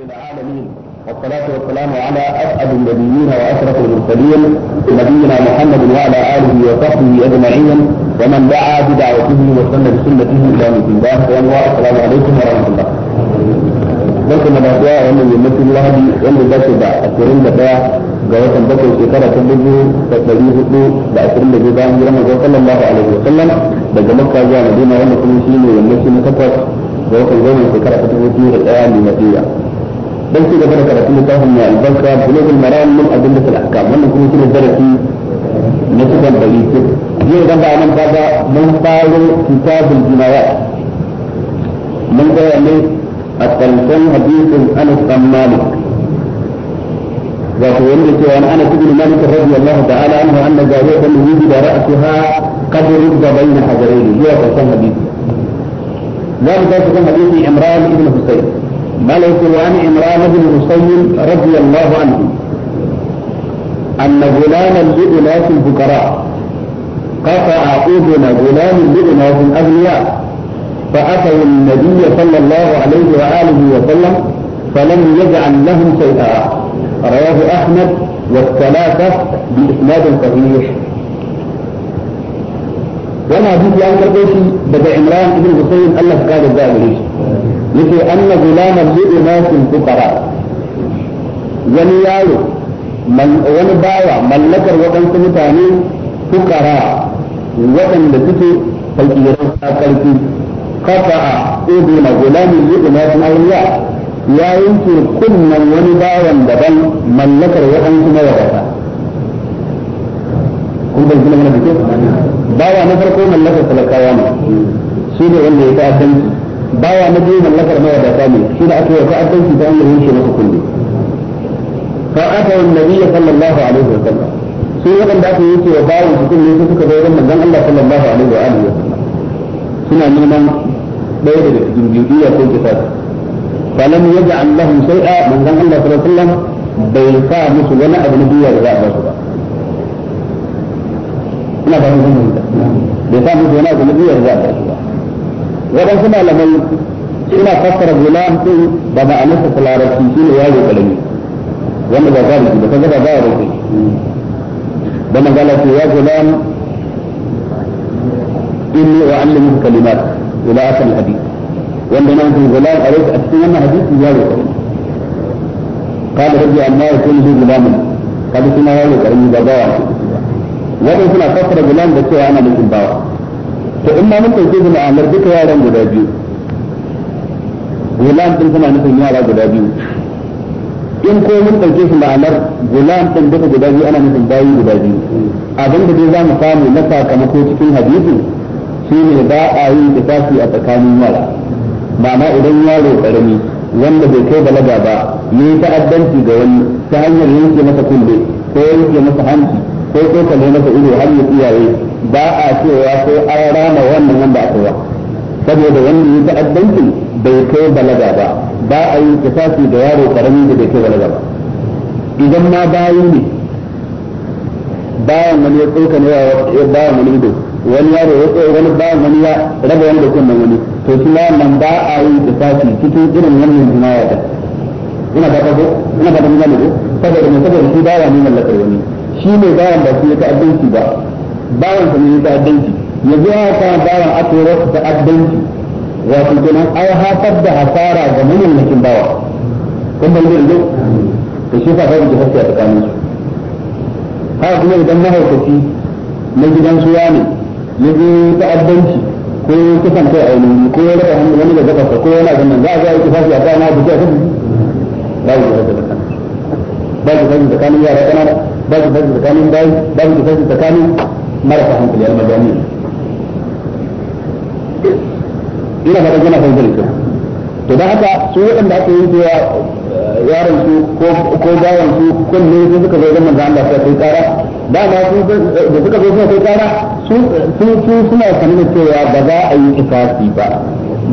رب العالمين والصلاة والسلام على أسعد النبيين وأشرف المرسلين نبينا محمد وعلى آله وصحبه أجمعين ومن دعا بدعوته وسن بسنته إلى يوم الدين السلام عليكم ورحمة الله barkan da kuwa wannan yammacin lahadi wanda za su da ashirin da daya ga watan bakwai shekara ta dubu da ɗari hudu da ashirin da biyu bayan jiran manzon sallallahu alaihi wa sallam daga makka zuwa madina wanda kuma shi ne yammaci na takwas ga watan goma shekara ta dubu biyu da ɗaya miladiyya dan ci gaba da karatun littafin mai albarka bulugul maram min adillat al ahkam wannan kuma shine darasi na cikin dari ce yau dan ba nan kaga mun faro kitabul jinayat mun ga ne a karshen hadisin Anas bin Malik wato wanda cewa an Anas bin Malik radiyallahu ta'ala anhu anna jariyatan yujida ra'saha qad rubba bayna hajarayni yau karshen hadisi za mu tashi kan hadisin Imran ibn Husayn ملك عن عمران بن حسين رضي الله عنه أن غلاما لأناس الفقراء قطع أذن غلام لأناس الأغنياء فأتوا النبي صلى الله عليه وآله وسلم فلم يجعل لهم شيئا رواه أحمد والثلاثة بإسناد صحيح وانا بيتي يعني عن كربوشي بدأ عمران بن حسين الله قال الزاهري yake anna gulaman liɗe nasin fukara wani yaro wani bawa mallakar waɗansu mutane fukara waɗanda suke ta ƙarfi kafa a ɗebe na gulamin liɗe nasin auliya ya yanke kunnen wani bawan daban mallakar waɗansu mawadata kun bai mana bawa na farko mallakar talakawa ne shi ne wanda ya ta bawa na biyu mallakar mawadata ne shi da aka yi ta addanci ta hanyar yin shi masa kulle fa aka yi nabiyya sallallahu alaihi wa sallam su waɗanda aka yi cewa bawan su kulle su suka zo wajen manzon Allah sallallahu alaihi wa wa sallam suna neman ɗaya daga cikin biyu ko kitab falam yaj'al lahum shay'a manzon Allah sallallahu alaihi wa sallam bai sa musu wani abu na biyu da za a ba su ba ina ba mu bai sa musu wani abu na biyu da za a ba su ba waɗansu malamai suna fassara gulam din da ma'anarsa ta larabci shi ne yaro karami wanda ba zalisi ba kaga ba za a rufe da magana ce ya gulam inni wa allimu kalimat ila akhir hadith wanda nan kun gulam a rufe a cikin wannan hadisi yaro karami قال ربي أن يكون لي غلام قال سنا يا لك أني بابا وإن سنا كفر غلام بس أنا لكن بابا to in ma mun dauke da ma'amar duka yaran guda biyu gulam ɗin suna nufin yara guda biyu in ko mun dauke shi ma'amar gulam ɗin duka guda biyu ana nufin bayi guda biyu abin da dai za mu samu na sakamako cikin hadisi shi ne ba a yi tafi a tsakanin yara ma'ana idan yaro karami wanda bai kai balaga ba ne ta'addanci ga wani ta hanyar yanke masa kulle ko yanke masa hanci ko ko kalle masa ido har ya tsiyaye ba a cewa sai an rama wannan wanda aka wa saboda wanda ya ta'addanci bai kai balaga ba ba a yi kisasi da yaro karami da bai kai balaga ba idan ma bayi ne bayan wani ya tsoka ne ya bayan wani ido wani yaro ya tsoka wani bayan wani ya raba wani da kunnen wani to shi ma nan ba a yi kisasi cikin irin wannan jima'a da ina ba ta ko ina ba ta ko saboda ne saboda shi bawa ne mallakar wani shi ne bayan ba su ya ta'addanci ba bawan sa ne ta'addanci yanzu ya ka bawan aka yi wasu ta'addanci wato kenan ai haifar da hasara ga mamallakin bawa kun ban zai da shi fa kawai da haske a tsakanin su haka kuma idan mahaukaci na gidan su ya ne ya je ta'addanci ko kusan kai a yi ko ya raba hannu wani da zaka ko yana ganin za a ga yake fashi a kana da kai babu da zaka babu da zaka tsakanin yara kanana babu da zaka tsakanin bayi babu da zaka tsakanin marasa hankali da majami ina fata kuna fahimtar ku to da haka su waɗanda aka yi zuwa eh, yaron su ko bayan su kunne su suka zo zama manzo Allah sai kara dama su eh, da suka zo suna kai kara su su suna sanin cewa ba za a yi ikasi ba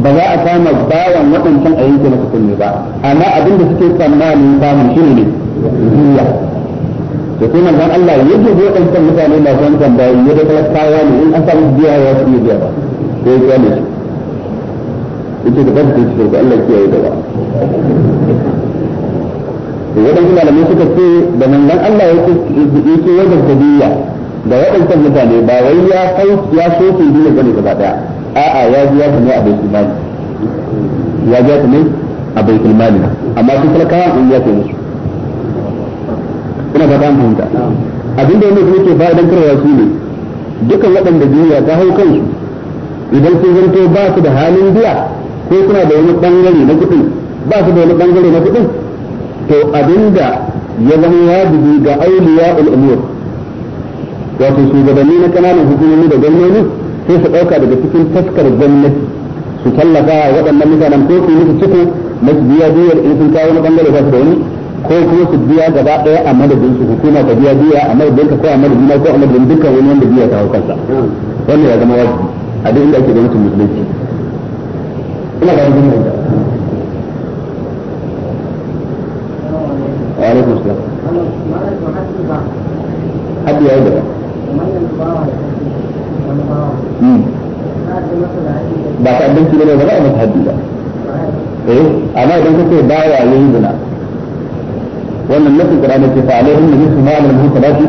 ba za a kama bayan waɗancan a yanke masa kunne ba amma abin da suke tsammanin samun shi ne ne da sai manzon Allah ya je da wadannan mutane ba san kan bayi ya da talakawa ne in an samu biya ya su biya ba ko ya ne ita da babu shi da Allah ya yi da ba to wadannan malamai suka ce da nan manzon Allah ya ce yake wajen tabiya da wadannan mutane ba wai ya kai ya so su da gani gaba daya a'a ya ji ya kuma abin imani ya ji ya kuma abin imani amma su talakawa in ya ce musu kuna ba ta da abin da yake ba idan karwa shi ne dukan waɗanda duniya ta hau kansu idan sun zanto ba su da halin biya ko suna da wani bangare na kuɗin ba su da wani bangare na kuɗin to abinda ya zama wajibi ga auliya al'umur wato shugabanni na kananan hukumomi da gwamnoni sai su ɗauka daga cikin taskar gwamnati su tallafa waɗannan mutanen ko su yi musu ciko na biya biyar in sun kawo na bangare ba su da wani ko kuma su biya gaba ɗaya a madadin su hukuma ta biya biya a madadin ka ko a madadin ko a madadin dukkan wani wanda biya ta hukunta wannan ya zama wajibi a duk inda ake da mutum musulunci ina ga wani wanda wa alaikum salam haddi ya yi gaba hmm. ba ta abinci ne ba za a masa haddi ba eh amma idan kake bawa yayin zina wannan nufin Qur'ani ce fa alaihim nisu ma lam yusabati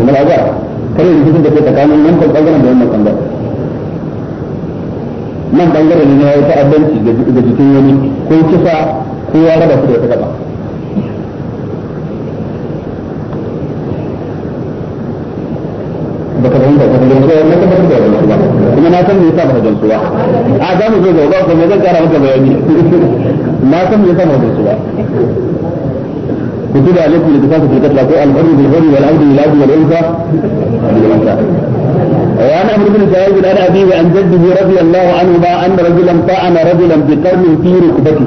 min al-azab kare ne cikin da ke tsakanin nan kan bangaren da wannan bangaren nan bangare ne na ya ta addanci da jikin wani ko kisa ko ya raba su da wata gaba baka fahimta ka fahimta na tabbatar da wannan ba kuma na san me yasa baka gamsu ba a za mu zo ga ba kuma zan kara maka bayani na san me yasa baka gamsu ba كتب عليكم الاتفاق في القتلى الحر بالحر والعبد بالعبد والانثى بالانثى وعن عمرو بن سعيد عن ابي وعن جده رضي الله عنهما ان رجلا طعن رجلا بقرن في ركبته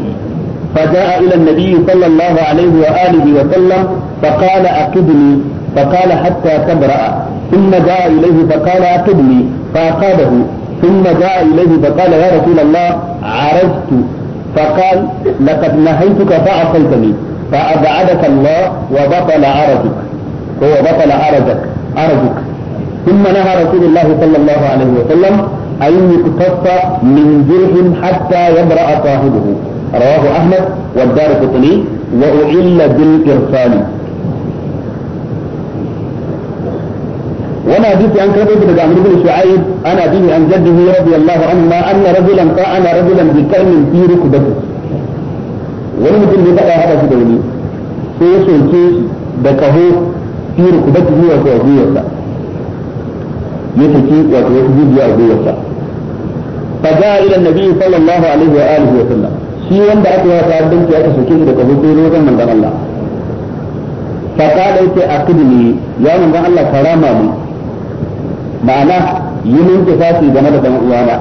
فجاء الى النبي صلى الله عليه واله وسلم فقال اقبني فقال حتى تبرأ ثم جاء اليه فقال اقبني فاقابه ثم جاء اليه فقال يا رسول الله عرجت فقال لقد نهيتك فعصيتني فأبعدك الله وبطل عرجك هو بطل عرجك عرجك ثم نهى رسول الله صلى الله عليه وسلم أن يقتص من جرح حتى يبرأ صاحبه رواه أحمد والدار قطني وأعل بالإرسال وما حديث عن كتب بن عمرو بن شعيب انا به عن جده رضي الله عنه ان رجلا طعن رجلا بكلم في ركبته wani mutum ne bada hada shi da wani sai ya soke shi da kaho fi rukubati zuwa ko sa, ya saki wato wasu jijiya a gwiwarsa fa ja'a ila annabi sallallahu alaihi wa alihi wa sallam shi wanda aka yi wata abinci aka soke shi da kaho sai rozan manzon Allah fa qala yake aqidni ya manzon Allah karama mu ma'ana yi min kifasi game da dan uwana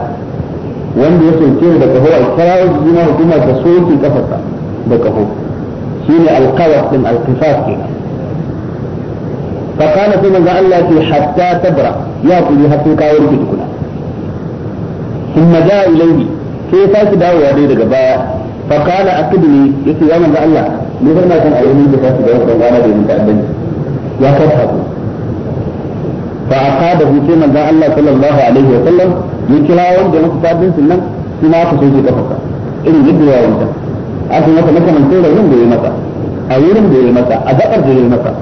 wanda ya soke da kaho a kirawo juna hukuma ta soke kafarsa da kaho ne alqawas din alkifar ke fa kana sai manzo Allah ke ce hatta tabra ya kuri har sai ka warke tukuna ثم جاء إليه sai sake dawowa dai daga baya fa kana akidni yace ya manzo Allah ni zan kan ayyuka da sake dawo kan gana da mun ta'addanci ya kafa ku fa aqadahu sai manzo Allah sallallahu alaihi wa sallam ya kira wanda ya mutu ta'addancin nan shi ma ka kafa irin yadda ya wanda an fi masa من da wurin da ya masa a wurin da ya masa a da ya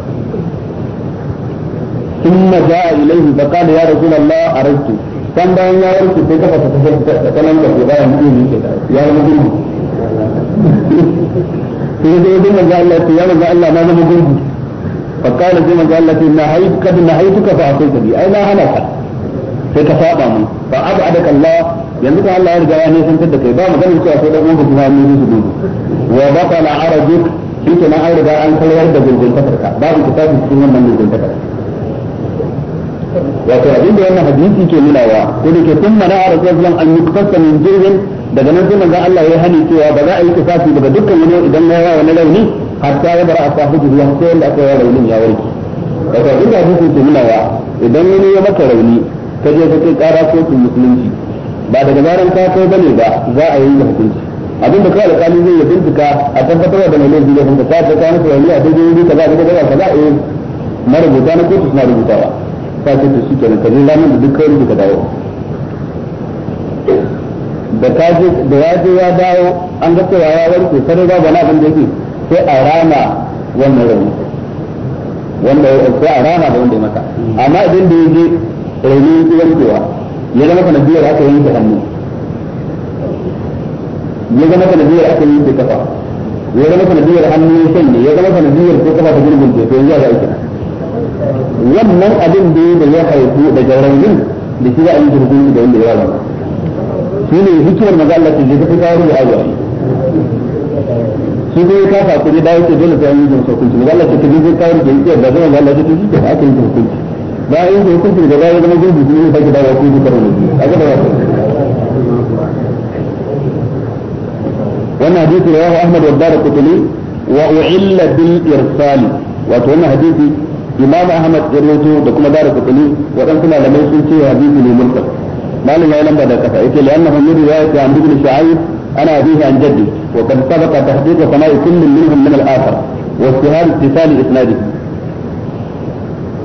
ثم جاء إليه فقال يا رسول الله أردت كان بأن يا رسول الله كيف تتكلم في غاية مؤمن يا مؤمن في ذي ما قال لك يا ما قال ما أنا مؤمن فقال ثم قال لك نهيتك بنهيتك فأعطيت بي أي لا هلك sai ka saba mu ba a abadaka Allah yanzu ka Allah ya riga ya nisantar da kai ba mu maganar cewa sai da uwanka kuma ya nemi su dudu wa batala arajuk shi ke nan an riga an kalwar da gungun gurguntakar ka mu kitabi cikin wannan gungun gurguntakar wato abin da wannan hadisi ke nuna wa ko ne ke tun mana a rasulallah an yi kasa min jirgin daga nan sai ga Allah ya hani cewa ba za a yi kisafi daga dukkan wani idan ya yawa wani rauni ta ya bara a sa hujji jirgin sai wanda aka yi raunin ya warke wato abin da hadisi ke nuna wa idan wani ya maka rauni ka je ka kai kara kotun musulunci ba daga zaran ka kai bane ba za a yi hukunci abin da kawai alƙali zai ya bincika a tabbatar da mai laifi laifin da ka ta kana ko wani a daidai wuri kaza kaza kaza kaza eh marubuta na kotu suna rubutawa ka ce to shikenan ka je ranar da dukkan kai rubuta dawo da ka je da ya je ya dawo an ga cewa ya warke sai ba wani abin da yake sai a rana wannan rauni wanda sai a rana da wanda ya maka amma idan da ya je rauni yake yankewa ya zama sanadiyar aka yanke hannu ya zama sanadiyar aka yanke kafa ya zama sanadiyar hannu ya shanye ya zama ko kafa ta yanzu wannan abin da da ya haifu daga raunin da shi za a yi jirgin da wanda da rama shi ne hikimar maza Allah ce zai kawo da shi ne ka fa ku ne da yake dole sai yi maza Allah ce ta zai kawo da da zama Allah ce ta yi bayan da hukunci da bayan zama gudu su ne sake dawo kuma karo da biyu a gaba ya wannan hadisi rawahu Ahmad wa Dar Qutni wa u'illa bil irsal wato wannan hadisi Imam Ahmad ya rawaito da kuma Dar Qutni waɗansu malamai sun ce hadisi ne mursal malam ya lamba da kasa yace li annahu min riwayat an ibn Shu'aib ana abihi an jaddi wa qad sabaqa tahqiq sama'i kullin minhum min al-akhar wa istihal ittisal isnadihi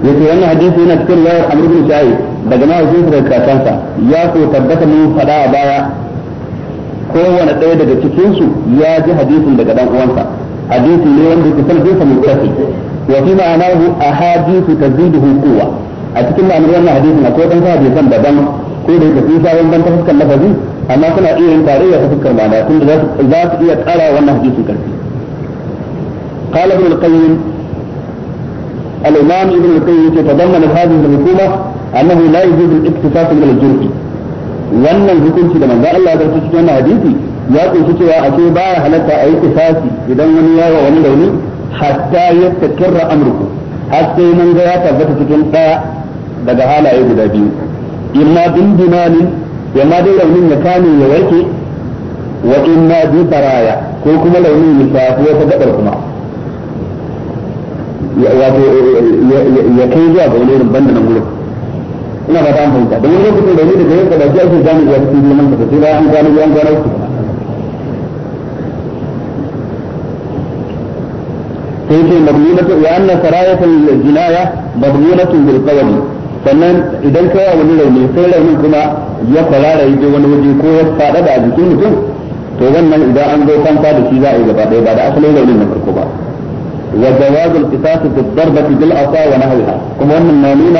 yace wannan hadisi yana cikin lawar Amr bin Sa'id daga mahaifinsa daga kakansa ya ko tabbata mun fada a baya kowane ɗaya daga cikin su ya ji hadisin daga dan uwansa hadisi ne wanda ke sanadin sa mutafi wa fi ma'anahu ahadithu taziduhu quwwa a cikin ma'anar wannan hadisin akwai dan hadisan daban ko da yake sun sha wannan ta fuskar lafazi amma suna iya yin tarayya ta fuskar ma'ana da za su iya ƙara wannan hadisin karfi قال ابن القيم الإمام ابن القيم يتضمن هذه الرسومة أنه لا يجوز الاكتساب من الجرح وأن الحكم في من قال الله تعالى في حديثي يا كنتي يا أخي باع هلك أي كساس إذا من يا وأنا دوني حتى يتكرر أمرك حتى من جاء تبت تكون باع بدها لا يجوز ذلك إما بالدمان وما دون من مكان يوكي وإما بالبرايا كل كما لو من مسافر فقدر wato ya kai zuwa ga wani irin banda nan gurin ina ba ta amfani da wani lokacin da ni daga yau da ake gane zuwa cikin neman ka sai bayan an gano an gano su sai ce mabnunatu wa anna sarayatul jinaya mabnunatu bil qawli sannan idan kai a wani rauni sai raunin kuma ya farara yaje wani waje ko ya fada da jikin mutum to wannan idan an zo kanta da shi za a yi gaba ɗaya ba da asalin raunin na farko ba وجواز القصاص في الضربة بالعصا ونحوها كما أن المؤمنين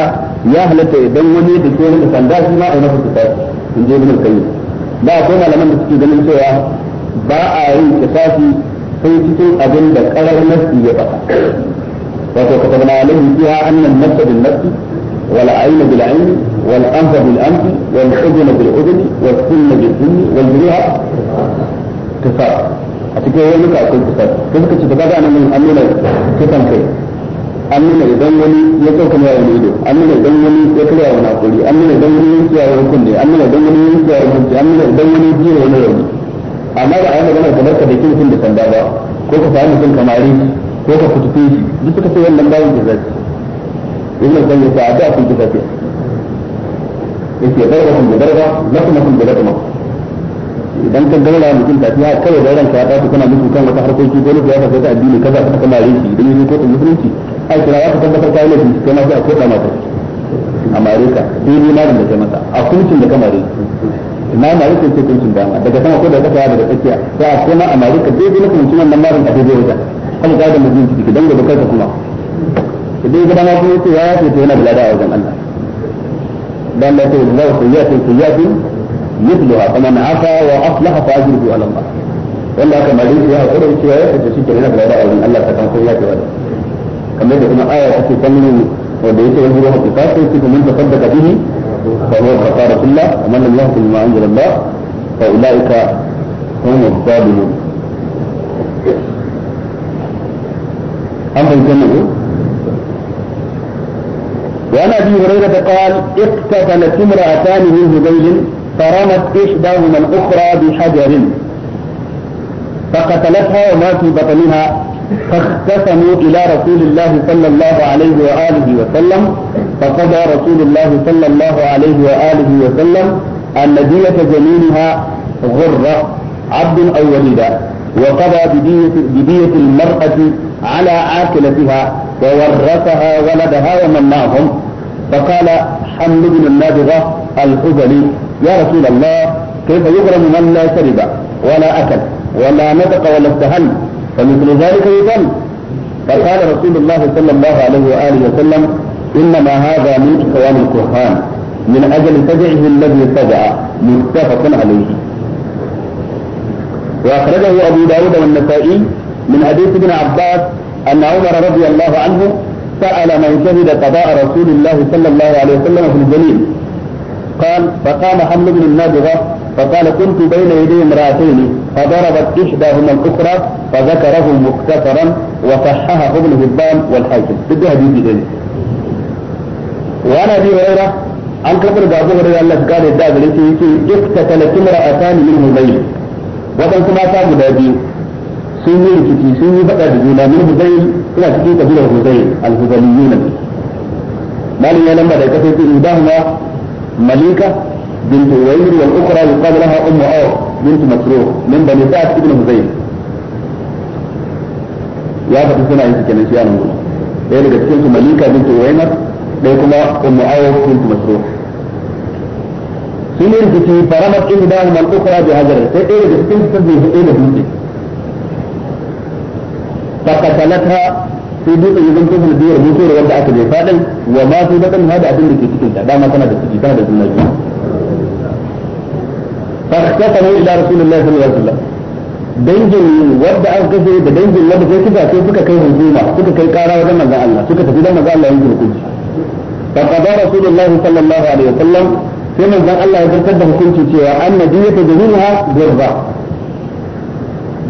يا أهل تيدن وني بسورة الفنداس ما أنا في القصاص من جيب الكريم لا أقول على من تسكي دلم سوى باع أي قصاصي في تسو أبن بكرة النفسي يبقى وكتبنا عليه فيها أن النفس بالنفس والعين بالعين والأنف بالأنف والأذن بالأذن والسن بالسن والجريحة قصاص a cikin wani akwai kusa da suka ci daga nan an amina kisan kai amina nuna idan wani ya sauka mai wani ido amina nuna idan wani ya kira wani hakuri amina nuna idan wani yanki ya wani kunne amina nuna idan wani yanki ya wani kunne amina nuna idan wani jiya wani rauni amma da ayyana gana kamar ka da kin da sanda ba ko ka samu mutum kamari ko ka kutu shi duk suka sai wannan bayan da zai ina zan yi ta a da kun kusa ce yake barba kun da barba lakum kun da lakum idan ka gaura mutum tafiya kawai da ranka ya tafi kana nufin kan wata harkoki ko nufin ya ta addini kaza ka kuma rin shi idan yi kotun musulunci ai kira ya tabbatar kai ne shi kuma sai a koda mata a mareka dai ne malin da kai masa a kuncin da kamare na mareka ce kuncin da ma daga sama ko da kasa daga tsakiya sai a kuma a mareka dai ne kuncin nan marin a daidai wata kuma ga da mutum ciki dan da kai ka kuma idan ka dama kuma sai ya ce yana da lada a wajen Allah dan da sai Allah sai ya ce sai ya مثلها فمن عفا واصلح فاجره على الله والله كما جئت فيها القرى في ايات تشد هنا في الاداء آية ومن الله تتنقل ياتي ولد كما جئت هنا ايه تشد تنمو وديت الروح القصاص يكتب من تصدق به فهو خسارة الله ومن لم يهتم بما عند الله فاولئك هم الظالمون أما الجنه وعن ابي هريره قال اقتتلت امراتان من هذيل فرمت إحداهما الأخرى بحجر فقتلتها وما في بطنها فاختصموا إلى رسول الله صلى الله عليه وآله وسلم فقضى رسول الله صلى الله عليه وآله وسلم أن دية جنينها غرة عبد أو وليدا وقضى بدية, المرأة على عاقلتها وورثها ولدها ومناهم فقال حمد بن النابغة الحزلي يا رسول الله كيف يكرم من لا شرب ولا أكل ولا نطق ولا استهل فمثل ذلك يذم فقال رسول الله صلى الله عليه وآله وسلم إنما هذا من كلام القرآن من أجل سجعه الذي سجع متفق عليه وأخرجه أبو داود والنسائي من حديث ابن عباس أن عمر رضي الله عنه سأل من شهد قضاء رسول الله صلى الله عليه وسلم في الجليل قال فقام حمل بن النابغة فقال كنت بين يدي امرأتين فضربت إحداهما الأخرى فذكره مختصرا وصححه ابن هبان والحاكم بدها حديث ثاني وأنا أبي هريرة عن كبر أبو هريرة الله قال الدابر التي اقتتلت امرأتان من هبيل وكان كما تابوا دابي sun yi rikici بقى yi من da juna min قبيله suna الهبليون ما لي لما ذكرت malin مليكة بنت أويل والأخرى يقال لها أم عوف بنت مسروق من بني سعد بن هزيل ya faɗi suna yin kenan shi yaron gona ɗaya daga cikin su malika bintu wainar ɗaya kuma ummu awuf bintu masruh sun yi rikici faramat in da mal ukra bi hajar sai ɗaya daga cikin su bai hudu da dutse fakatalata sai dutsen ya zanto sanadiyar mutuwar wanda aka jefa faɗin wa ma su badan hada abin da ke cikin ta dama tana da ciki tana da juna biyu فاختصموا الى رسول الله صلى الله عليه وسلم dangin wadda aka kashe da dangin wadda sai suka sai suka kai hujuma suka kai kara wajen manzon Allah suka tafi da manzon Allah yanzu hukunci fa qada rasulullah sallallahu alaihi wasallam sai manzon Allah ya zartar da hukunci cewa annabiyatu jami'a birra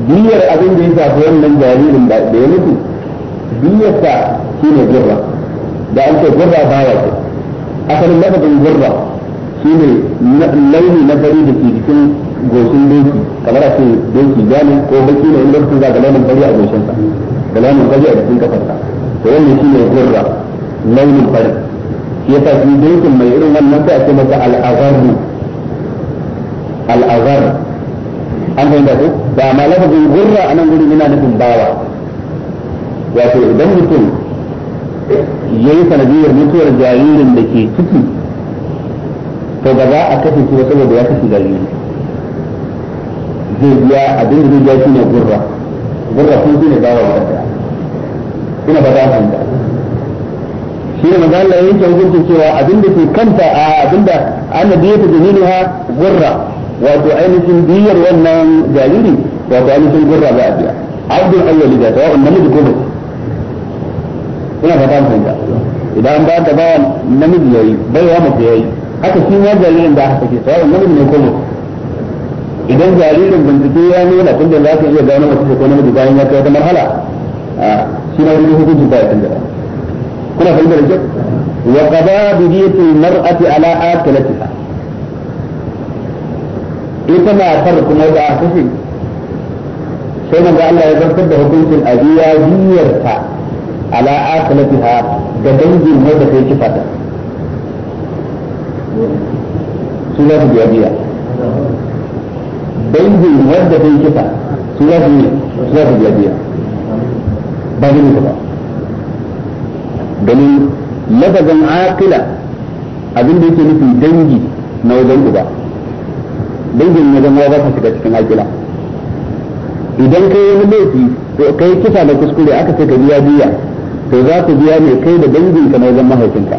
diyar abin da ya shafi wannan jaririn da ya mutu biyarsa shi ne gurra da an ce gurra baya ce asalin lafazin gurra shi ne launi na fari da ke cikin goshin doki kamar a ce doki jani ko baki ne inda su zaga launin fari a goshinsa da launin fari a cikin kafarsa to wannan shi ne gurra launin fari shi yasa shi dokin mai irin wannan sai a ce masa al'azarru al'azar an fahimta ko da ma lafazin gurra a nan gurin yana nufin bawa wato idan mutum ya yi sanadiyar mutuwar jaririn da ke ciki to ba za a kashe shi ba saboda ya kashe jariri zai biya abin da zai biya shi ne gurra gurra sun shi ne bawa wadanda ina ba za a fahimta shi ne maza Allah ya yanke hukuncin cewa abin da ke kanta a abin da annabi ya tafi ha gurra wato ainihin biyar wannan jariri wato ainihin gurra za a biya abdul awwali da tawa'un namiji ko mace ina faɗa mu fahimta idan an ba da bawa namiji ya yayi baiwa mace yi haka shi ma jaririn da aka sake sawa namiji ne ko mace idan jaririn bincike ya nuna tun da za ka iya gano mace ko namiji bayan ya kai wata marhala a shi na wani hukunci ba ya tunda kuna fahimtar da kyau wa qada bi diyati mar'ati ala akilatiha ita matar kuma da aka kashe sai manzo Allah ya zartar da hukuncin abiya diyarta ala asalatiha da dangin wanda kai kifa ta su za su biya biya dangin wanda kai kifa su za biya biya ba zai ba ganin labazan aqila abin da yake nufin dangi na wajen uba dangin wajen uba ba ta shiga cikin aqila idan kai wani laifi to kai kisa da kuskure aka ce ka biya biya to za ku biya ne kai da danginka na wajen mahaifinka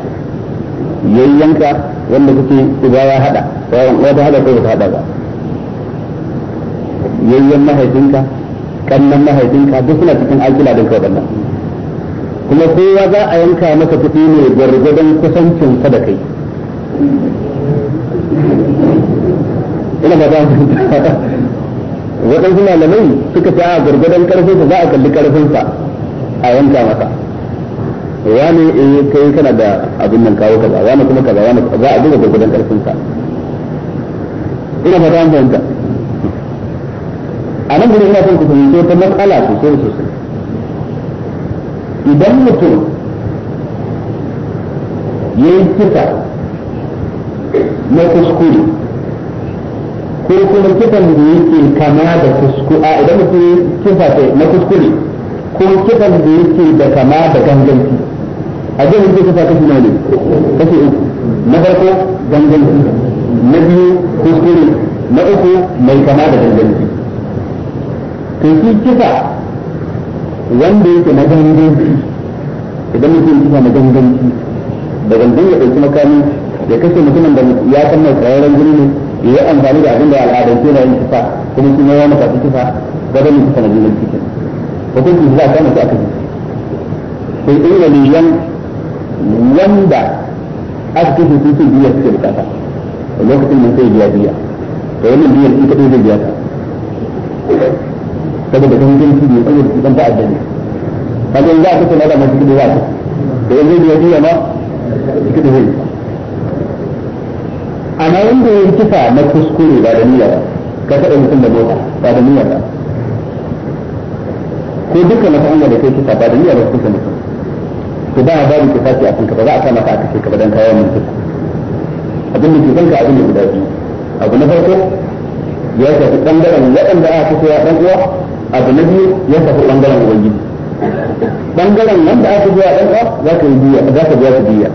yayyanka wanda kuke uba ya hada sauran wata ta hada ko ta hada ba yayyan mahaifinka kannan mahaifinka duk suna cikin akila da ka wannan kuma kowa za a yanka maka kuɗi ne gwargwadon kusancin sa da kai ina ba wadansu malamai suka fi a gwargwadon karfinsa za a kalli karfinsa a yanka masa. wani eh kai kana da abin nan kawo kaza wani kuma kaza wani za a duba gurgudan karfin ka ina fata an fahimta a nan gurin ina son ku fahimci ta matsala sosai sosai idan mutum ya yi kisa na kuskure ko kuma kisan da yake kama da kuskure a idan mutum ya kisa na kuskure ko kisan da yake da kama da ganganci abin da ke kafa kashi na ne kashi uku na farko ganganci na biyu kuskure na uku mai kama da ganganci to shi kisa wanda yake na ganganci idan mutum kisa na ganganci da gangan ya ɗauki makami ya kashe mutumin da ya san mai tsararren guri ne ya yi amfani da abin da al'adance na yin kisa kuma shi ne ya maka kisa gadon kisa na ganganci hukuncin za a kama shi aka ji sai wanda aka kashe su sai biya suke bukata a lokacin nan sai biya biya to wannan biyar shi kadai zai biya ta saboda kan kan su ne saboda shi kan ta'adda ne kaga in za a kashe nada masu kudi za a da yanzu biya biya ma shi kadai zai amma wanda ya kisa na kuskure ba da niyya ba ka taɓa mutum da mota ba da niyya ba ko dukkan na hanya da kai kisa ba da niyya ba kusa mutum to ba babu ki sace a kanka ba za a sa maka aka ce ka badan mun mutum abin da ke kanka abin da guda biyu abu na farko ya shafi bangaren waɗanda aka kashe ya ɗan uwa abu na biyu ya shafi bangaren ubangiji bangaren wanda aka kashe ya ɗan uwa za ka yi biya za ka biya ta biya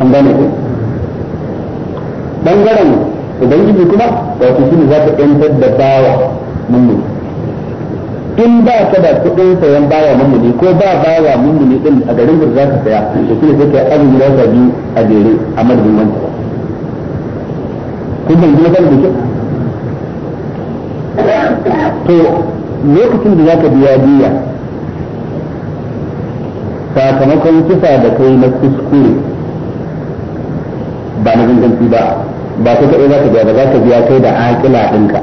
an gane ku bangaren ubangiji kuma wato shi ne za ka ƴantar da bawa mummuni in ba ka da kuɗin sayan bawa mummuni ko ba bawa mummuni din a garin da za ka saya to shi ne sai ka azumi da ka biyu a jere a madadin wanda kun ban ji magana da to lokacin da za ka biya biya sakamakon kisa da kai na kuskure ba na ganganci ba ba ka kaɗai za ka biya ba za ka biya kai da akila ɗinka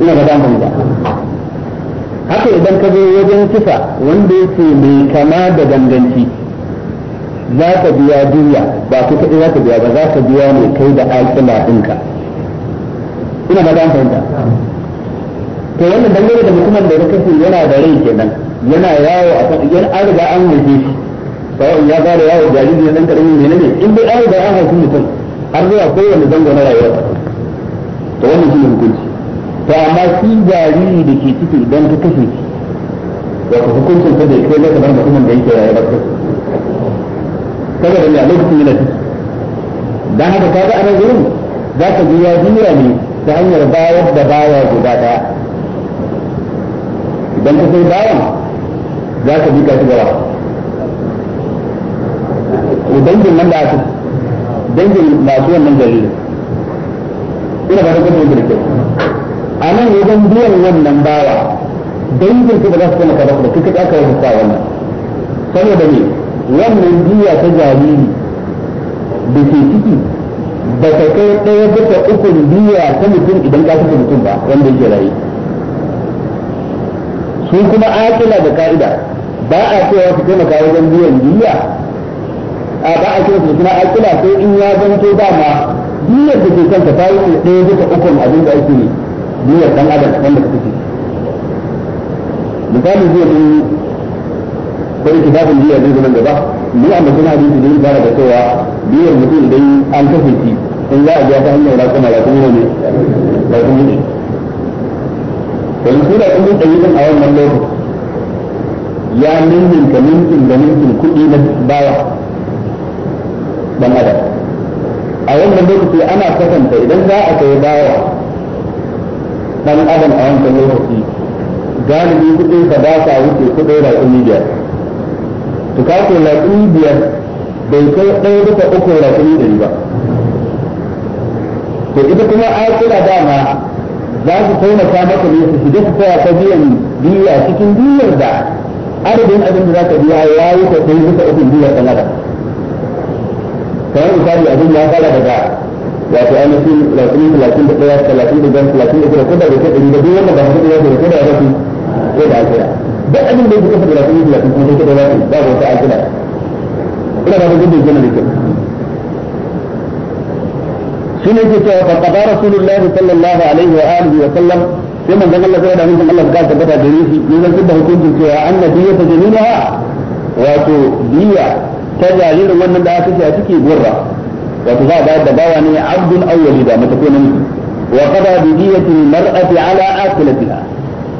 ina ga damar ba haka idan ka zo wajen kisa wanda yake mai kama da ganganci za ka biya duniya ba ku kaɗai za ka biya ba za ka biya mai kai da alƙila ɗinka ina ba zan fahimta to wannan dangane da mutumin da ya kashe yana da rai kenan yana yawo a kan yan an riga an haife shi sawa'in ya fara yawo jariri dan karamin ne ne in dai an riga an haifi mutum har zuwa kowane zango na rayuwa to wannan shi ne hukunci to amma shi jariri da ke ciki idan ka kashe shi ku hukuncin ta da ke ne kamar mutumin da yake raye ba kai saboda ne a lokacin yana ciki dan haka ka ga anan gurin za ka ji ya jira ne ta hanyar bayar da bawa guda daya idan ka sai bayan za ka bi ka ci gaba dangin nan da aka dangin masu wannan jaririn ina ba ta gaba da kyau a nan wajen biyan wannan bawa dangin da ba za su kuma ka da kuka aka yi sa wannan saboda ne wannan biya ta jariri da ke ciki ba ta kai ɗaya bisa ukun biya ta mutum idan ka fita mutum ba wanda yake rayu su kuma akila da ka'ida ba a cewa su taimaka wajen biyan biya a ba a cewa su kuma akila sai in ya zanto dama biyar da ke kanta ta yi ɗaya bisa ukun abin da ake ne niyyar dan adam wanda ka take misali zai yi ko da kitabun niyyar ne nan gaba ni amma kuma hadisi da ibara da cewa niyyar mutum idan an kashe shi in za a biya ta hanyar rakuma da kuma ne da kuma ne yanzu da kuma tsayin a wannan lokacin ya ka ninkin da ninkin kuɗi na baya dan adam a wannan lokaci ana kasanta idan za a kai bawa dan adam a wancan lokaci galibi kudi sa ba sa wuce kudin raƙumi biyar to ka ce la kudiya bai kai ɗaya duka uku raƙumi ɗari ba to ita kuma aikula dama za su taimaka maka ne su shiga su tsaya ta biyan biya cikin biyar da adadin abin da za ka biya ya yi ka ɗaya duka uku biyar ɗan adam kamar misali abin ya fara daga wato ainihin talatin talatin da ɗaya talatin da ɗaya talatin da ɗaya ko da bai kai ɗari ba duk wanda ba su ɗaya bai kai da ya rasu ko da alƙira duk abin da ya kasa talatin da talatin kuma kai da ya rasu ba ba wata alƙira ina ba gudun gina da kyau shi ne ke cewa faɗaɗa rasulullahi sallallahu alaihi wa alihi wa sallam sai manzon Allah sai da hukun Allah ka tabbata da yi ne zan da hukuncin cewa annabi ya ta jami'a wato biya ta jaririn wannan da aka ce a cikin gurra wato za a bayar da bawa ne abdun aw da mata ko namiji wa qada bi diyati mar'ati ala akilatiha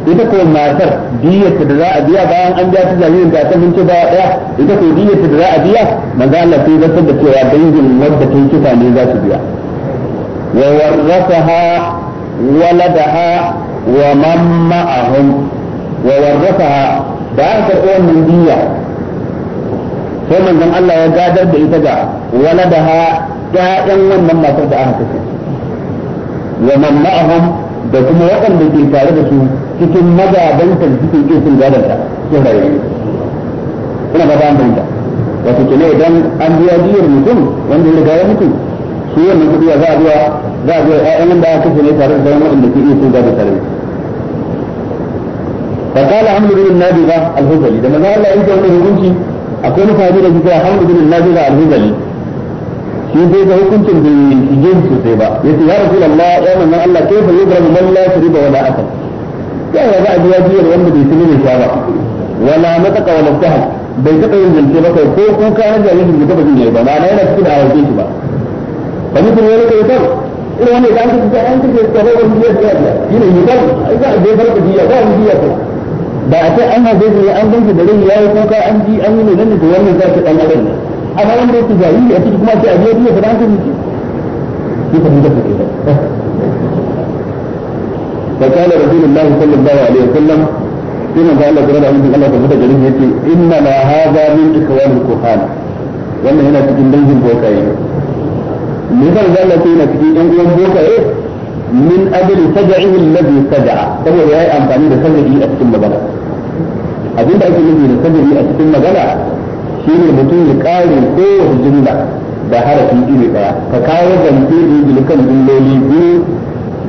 ita ko matar diyyarta da za a biya bayan an biya ta jami'in da ta mince ba daya ita ko diyyarta da za a biya manzo Allah sai zartar da cewa dangin wadda ta kifa ne za su biya wa warasaha waladaha wa man ma'ahum wa warasaha da aka karɓi wannan diyya sai manzon Allah ya gadar da ita ga waladaha ya'yan wannan matar da aka kashe wa man da kuma waɗanda ke tare da su cikin magabanta da suke iya sun gadanta sun rayu ina ba an bayyana wato kenan idan an biya biyar mutum wanda ya riga ya mutu shi wannan kuɗi za a biya za a biya ƴaƴan wanda aka kashe ne tare da waɗanda ke iya sun gadanta tare da فقال عمرو بن النابغه الهذلي لما قال لا انت من هجومتي اكون فاضي لك حمد بن النابغه الهذلي shi bai ga hukuncin da yin sosai ba yace ya rasulullah ya manzon Allah kaifa yudrabu man la shariba wala akal sai ya ga abiya jiyar wanda bai ci ne ba wala mataka wala tahal bai taɓa yin zance ba kai ko kuka har jaririn da ba zai yi ba ma'ana yana cikin a wajen shi ba ba mutum ya rika yutar irin wani da an kasu da an kasu da bai wani biyar biyar shi ne yutar ai za a bai farko biya ba wani biya ko ba a ce an haife shi an ganshi da rai ya yi kuka an ji an yi ne nan da wannan za ta ɗan adam ne فقال رسول الله صلى الله عليه وسلم فيما قال قال الله عز وجل فقد جرى انما هذا من اخوان الكهان وانا هنا تجد بينهم بوكاي لذا قال لك ان تجد بينهم بوكاي من اجل فجعه الذي فجع فهو لا يامن بسجعه اتم بلا اجل اجل الذي فجعه اتم بلا shine mutum ya kare kowace jumla da harafin iri daya ka kawo zance da kan jumloli biyu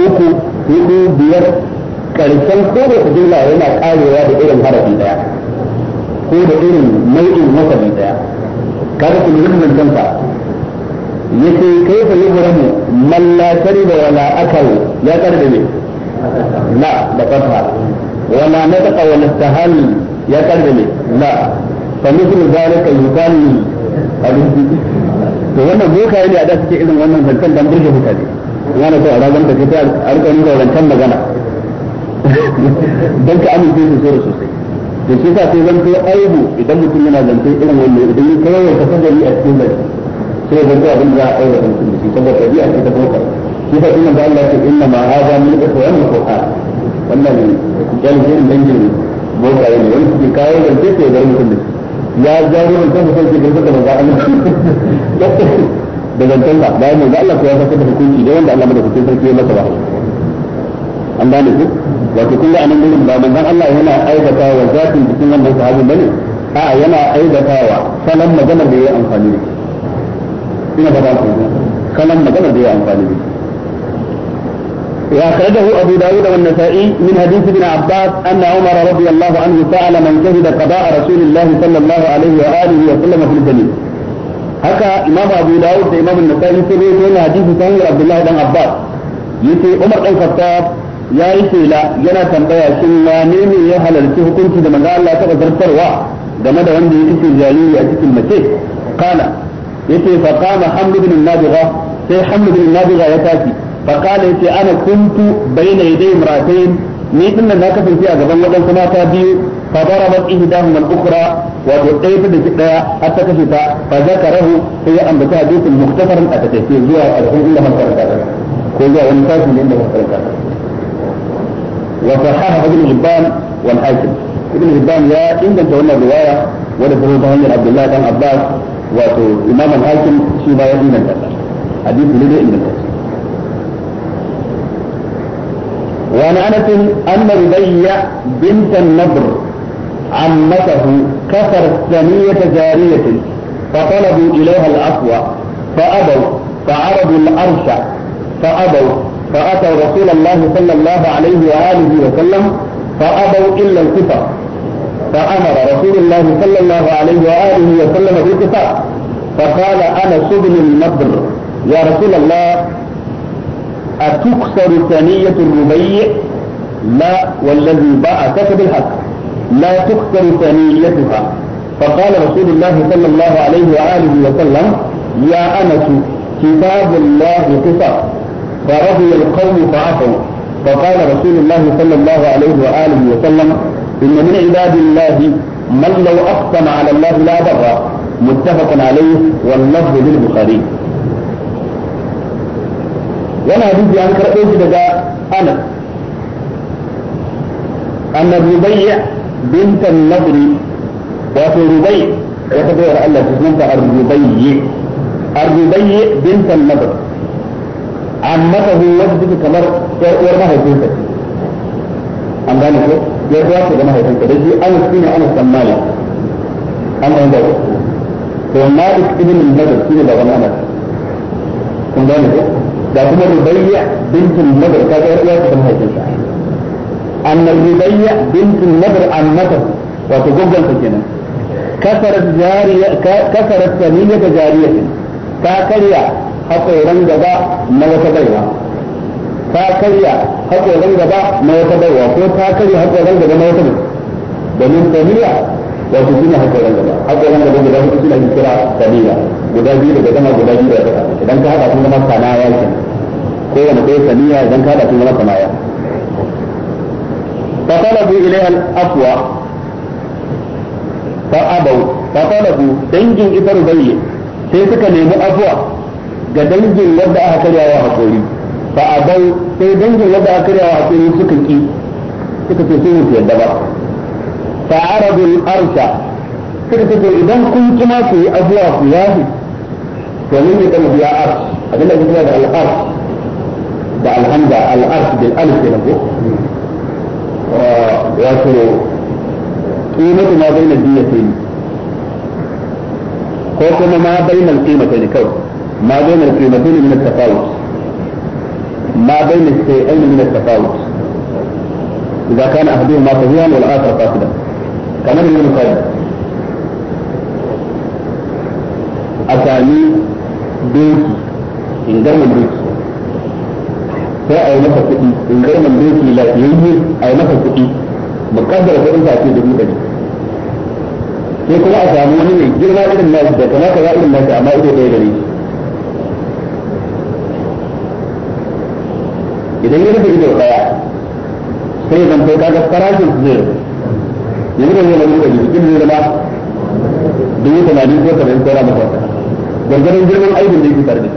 uku hudu biyar karshen kowace jumla yana karewa da irin harafi daya ko da irin nau'in masali daya kada ku yi nan kanka yace kai fa yi haramu mallakar da wala akal ya karbe ne la da kafa wala nataqa wala tahal ya karbe ne la فمثل ذلك يقال to wannan boka ne a da suke irin wannan zancen dan burge mutane yana so a ragan da ta a rika nuna zancen magana don ka amince su so sosai da shi sa sai zan kai aibu idan mutum yana zance irin wannan idan ya kawo ta sadari a cikin da sai zan kai abin da za a aiwa da mutum da shi saboda tabi'a ce ta boka shi sa kuma da Allah ce inna ma hada min ikwan boka wannan yan jin dangin boka ne Wani suke kawo zance sai da mutum da shi ya jaro da kansa sai ke gargaɗa manzo Allah da zancen sa bayan manzo Allah ko ya saka da hukunci da wanda Allah madaukakin sarki ya masa ba an bani ku wato kun ga anan gurin ba manzon Allah yana aikata wa zatin jikin wannan sahabi bane a yana aikata wa salan magana da yayi amfani ina ba da ku salan magana da yayi amfani da وأخرجه أبو داود والنسائي من حديث ابن عباس أن عمر رضي الله عنه سأل من شهد قضاء رسول الله صلى الله عليه وآله وسلم في الجنة هكا إمام أبو داود إمام النسائي سبيه من حديث ثاني عبد الله بن عباس يقول عمر بن الخطاب يا إيتي لا ينا تنبيع سنة نيمي يحل لكي حكم كي دمنا الله تغذر تروى دمنا دواندي إيتي الجاليل يأتي المسيح قال يقول فقام حمد بن النابغة حمد بن النابغة يتاكي فقال يتي انا كنت بين يدي امراتين نيتن لن اكفن فيها قبل وقل سما تابيو فضربت اهداه الاخرى ودعيت بجدا حتى كشفا فذكره هي ان بتاع جيت مختفرا اتتفين زوا الهو الا من فرقا كل زوا ونفاس من انه فرقا وصحاها ابن الهبان والحاكم ابن الهبان يا ان كنت هنا الرواية ولفروض هنا عبد الله كان عباس وامام الحاكم شيبا يدين الكفر حديث لدي ابن الهبان وعن انس ان ربيع بنت النضر عمته كفرت ثنية جارية فطلبوا إليها العفو فأبوا فعرضوا الأرش فأبوا فأتوا رسول الله صلى الله عليه وآله وسلم فأبوا إلا الكفر فأمر رسول الله صلى الله عليه وآله وسلم بالكفر فقال أنا سبل النضر يا رسول الله أتكسر ثنية الربيع لا والذي بعثك بالحق لا تكسر ثنيتها فقال رسول الله صلى الله عليه وآله وسلم يا أنس كتاب الله كتاب فرضي القوم فعفوا فقال رسول الله صلى الله عليه وآله وسلم إن من عباد الله من لو أقسم على الله لا ضر متفق عليه واللفظ للبخاري wannan hadisi an karɓo shi daga Anas anna Rubayya bintan Nadri wato Rubayya wata bayar Allah ta sunanta Ar-Rubayya Ar-Rubayya bintan Nadr ammatahu wata take kamar ƴar uwar mahaifinsa an gane ko ya zuwa da mahaifinsa da shi Anas shine Anas dan Malik an gane ko to Malik ibn Nadr shine baban Anas kun gane ko da kuma rubayya bintul nadar ta ga yarwa ta mahaifinsa annal rubayya bintul nadar annata wato goggon ta kenan kasarat jariya kasarat saniya ta jariya ta karya hakoran gaba na wata baiwa ta karya hakoran gaba na wata baiwa ko ta karya hakoran gaba na wata baiwa domin saniya wato shine hakoran gaba hakoran gaba da hudu suna kira saniya guda biyu daga zama guda biyu da ya idan ka hada sun zama sanawa ke kowane ko saniya idan ka hada sun zama sanawa فطلبوا abau الأفوى فأبوا فطلبوا dangin ibar بيلي sai suka nemi afwa ga dangin wanda aka karyawa hakuri fa abau sai dangin wanda aka karyawa hakuri suka ki suka ce sai mutu yadda ba fa arabul arsha suka ce idan kun kuma ku yi abuwa ku yafi ومن يكون بها أرض أدل أن الأرض دع الحمد الأرض بالألف في نبوه ويأكل قيمة ما بين الدينتين كوكما ما بين القيمتين كوكما ما بين القيمتين من التفاوت ما بين الشيئين من التفاوت إذا كان أحدهما صحيحا والآخر فاسدا كما من المقابل أساليب doki in garman doki sai a yi masa kuɗi in garman doki lafiyayye a yi masa kuɗi mukaddara kuɗin sa ce dubu ɗari sai kuma a samu wani mai girma irin nashi da kamata za irin nashi amma ido ɗaya gare shi idan ya rufe ido daya sai ya zanto kaga farashin su zai yanzu da zai zama dubu ɗari jikin zai zama dubu tamanin ko tamanin ko rama gwargwaron girman aibin da yake tare da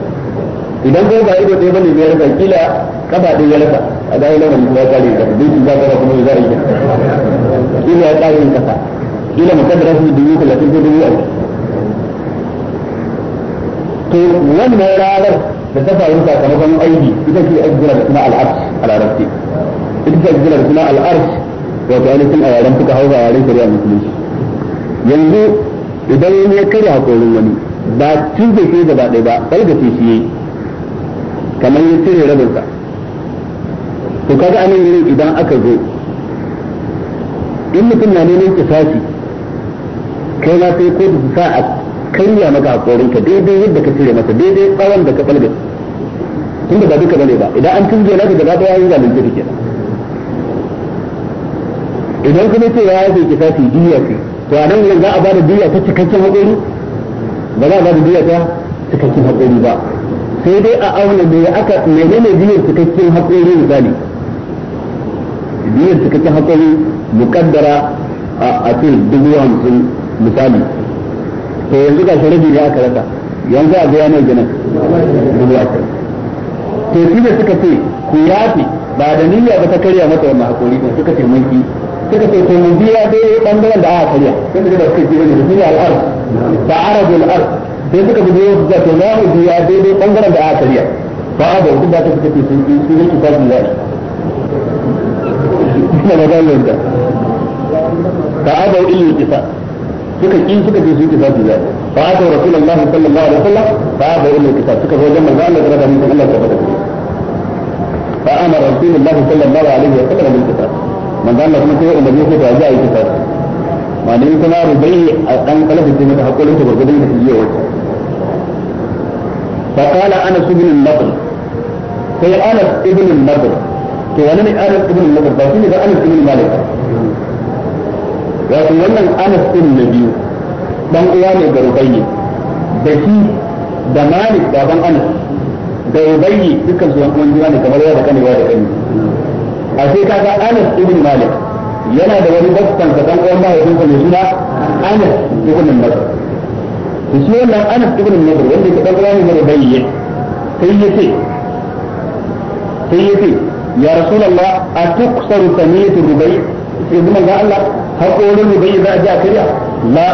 idan ko ba ido ɗaya bane biyar kan kila kaba ɗaya ya rasa a ga yana mun ya kare ka duk za ka kuma ya a yi kila ya kare yin kafa kila mukaddara su dubu talatin ko dubu aiki to wannan ranar da ta faru sakamakon aiki ita ce ajira da suna al'arsh a larabci ita ce ajira da suna al'arsh wato ainihin a yaren fuka hau a yaren shari'a musulunci yanzu idan ya karya hakorin wani ba tun bai kai gaba ɗaya ba balgace shi yayi kamar ya cire rabinsa to kaga anan yin idan aka zo in mutum na neman kisashi kai na sai ko su sa a karya maka ka daidai yadda ka cire masa daidai tsawon da ka tun da ba duka bane ba idan an tunje naka gaba ɗaya yayi zalunci kake idan kuma ce ya yi kisashi diya ce to anan yanzu za a bada diya ta cikakken hakori ba za a ba da biya ta cikakken haƙori ba sai dai a auna me aka menene biyar cikakken haƙori misali biyar cikakken haƙori muƙaddara a ce dubu hamsin misali to yanzu ga sharabi ne aka rasa yanzu a biya mai ginin dubu ashirin to shi da suka ce ku fi ba da niyya ba ta karya mata wannan haƙori ne suka ce mulki suka ce to mun biya dai bangaren da aka karya sai da suka ji wani da shi ne فعرضوا الارض sai suka bi yau da ta za mu biya daidai bangaren da aka biya ba a da duk da ta suka ce sun yi sun yi kitabu ya ina ba zan yanka ba a da ilmi kisa suka ki suka ce sun yi kitabu ya ba a da rasulullahi sallallahu alaihi wasallam ba a da ilmi kisa suka zo wajen manzo Allah da rabbi Allah ta bada fa amara rasulullahi sallallahu alaihi wasallam bil kisa manzo Allah kuma sai annabi ya ce ga ya yi kitabu malami kuma rubai a dan kalfa sai mata hakurin ta gurgudun da yi wata fa qala anas ibn al-nadr sai anas ibn al to wani ne anas ibn al ba shi ne anas ibn malik wato wannan anas din na biyu dan uwa ne ga rubai da shi da malik ban anas da rubai dukkan su yan uwan jira ne kamar yadda kane wa da kane a sai kaga anas ibn malik yana da wani bakkan san dan uwan mahaifinsa mai suna Anas ibn Nadr to shi wannan Anas ibn Nadr wanda ke dan uwan ne da bayyi sai yace sai yace ya rasulullah atuqsaru samiyatu rubai sai kuma ga Allah hakorin rubai za a ji a kariya la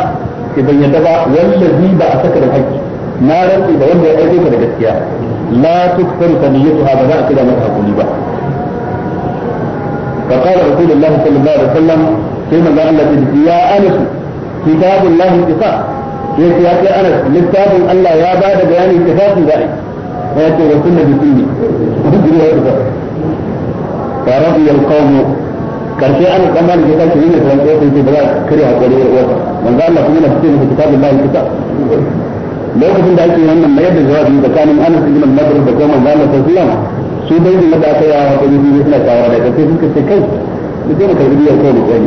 idan ya daba wallazi ba a saka da haki na rantsi da wanda ya aiko ka da gaskiya la tuksaru samiyatu ha ba za a kira maka hakuri ba فقال رسول الله صلى الله عليه وسلم فيما قال الذي يا انس كتاب الله اتفاق شيخ يا سي انس لكتاب الله يا بعد بيان اتفاق ذلك ويأتي رسول الله صلى الله عليه وسلم فرضي القوم كرشي انا اللي نجد لك في الوقت في بلاد كريه قريه وقت من قال لك هنا في كتاب الله الكتاب لو كنت عايز ان انا ما يبدو جواب اذا كان انس من المدرب بكما قال لك في su dai da da aka yawa ko bibi suna shawara da kai suka ce kai mu je mu karbi biyar ko mu kai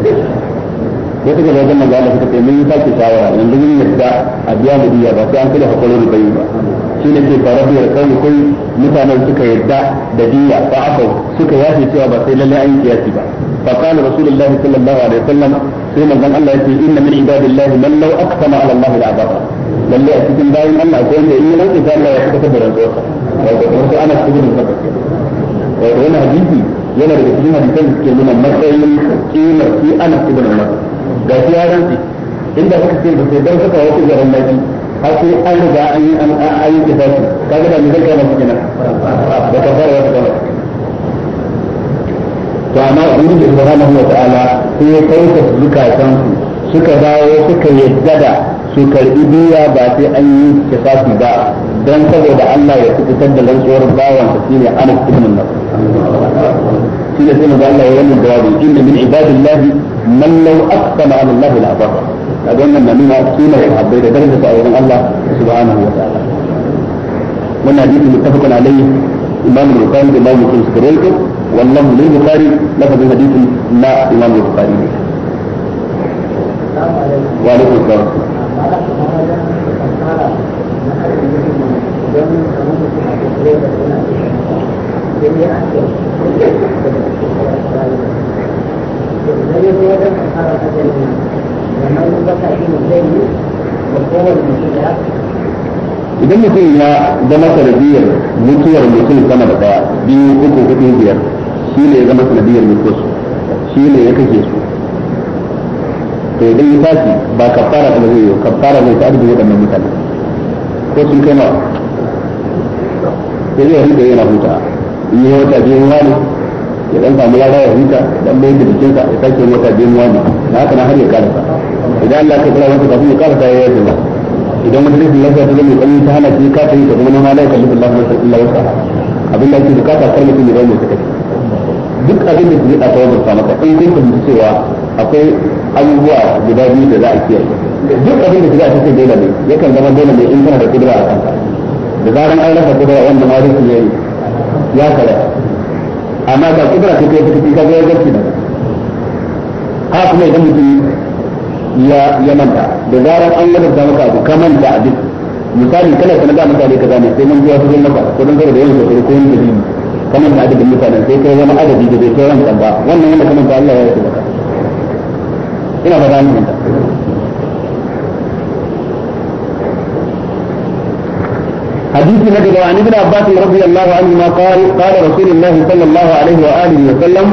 da suka zo zan manzo Allah suka ce mun yi sake shawara yanzu mun yarda a biya mu biya ba sai an kula hakuri da bayi ba shi ne ke fara biyar kai kai mutanen suka yarda da biya fa aka suka yafe cewa ba sai lalle an yi kiyasi ba فقال رسول الله صلى الله عليه وسلم سيما من الله يقول إن من عباد الله من لو أقسم على الله لأبره lalle a cikin bayan Allah ko wanda in rantsa da Allah ya fitar da rantsuwarsa wato kuma sai ana cikin rantsuwa wato wannan hadisi yana daga cikin hadisan da suke nuna matsayin kimar shi ana cikin rantsuwa ga shi ya rantsi inda kuka ce ba sai dan saka wasu garan laki har sai an riga an yi an an yi kifafi kaga da ni zai kama su kenan da kafara wasu kama to amma ubangiji subhanahu wa ta'ala sai ya kauta zukatan su suka dawo suka yadda da su karbi biya ba sai an yi kisafi ba don saboda Allah ya fitar da rantsuwar bawan sa shine Anas ibn Malik shi ne sai manzo Allah ya wannan jawabi inna min ibadillahi man law aqsama ala Allah la abada kaga wannan na nuna sunan sahabbai da darajar su a wurin Allah subhanahu wa ta'ala wannan hadisi muttafaqun alayhi imam al-bukhari da imam muslim suka rawaito wallahu lil bukhari lafazin hadisin na imam al-bukhari ne wa alaikum assalam idan mutum ya zama sanadiyar mutuwar mutum sama da daya biyu uku hudu biyar shi ne ya zama sanadiyar mutuwar su shi ne ya kake su to idan ya tashi ba kafara da zai yi kafara zai ta arziki waɗannan mutane ko sun kai nawa sai zai yana huta in yi wata biyun wani ya dan samu lada ya huta dan da jikinsa ya sake yin wata biyun wani na haka na har ya karasa idan Allah ka kira masa kafin ya karasa ya yi idan wani rikin lafiya ta zama tsanani ta hana shi kafin ka kuma na ma laika lillahi wa sallallahu alaihi wa abin da ake bukata kar mutum ya mai sakaci duk abin da ke da tsawon maka in kun fahimci cewa akwai abubuwa guda biyu da za a kiyaye duk abin da shiga cikin dole ne yakan zama dole ne in kana da kudura a kanka da zaran an rasa kudura wanda ma rufi yi ya kare amma ga kudura ta kai ta cikin kaga ya gaci da ha kuma idan mutum ya ya manta da zaran an ladabta maka abu ka da a duk misali kana sanar da mutane ka ne sai mun zuwa su maka ko dan da yawan kokari ko wani dalili kana da adadin mutane sai kai wani adadi da bai kai ranka ba wannan yana kana da Allah ya yi maka ina ba حديث النبي عن ابن عباس رضي الله عنهما قال قال رسول الله صلى الله عليه واله وسلم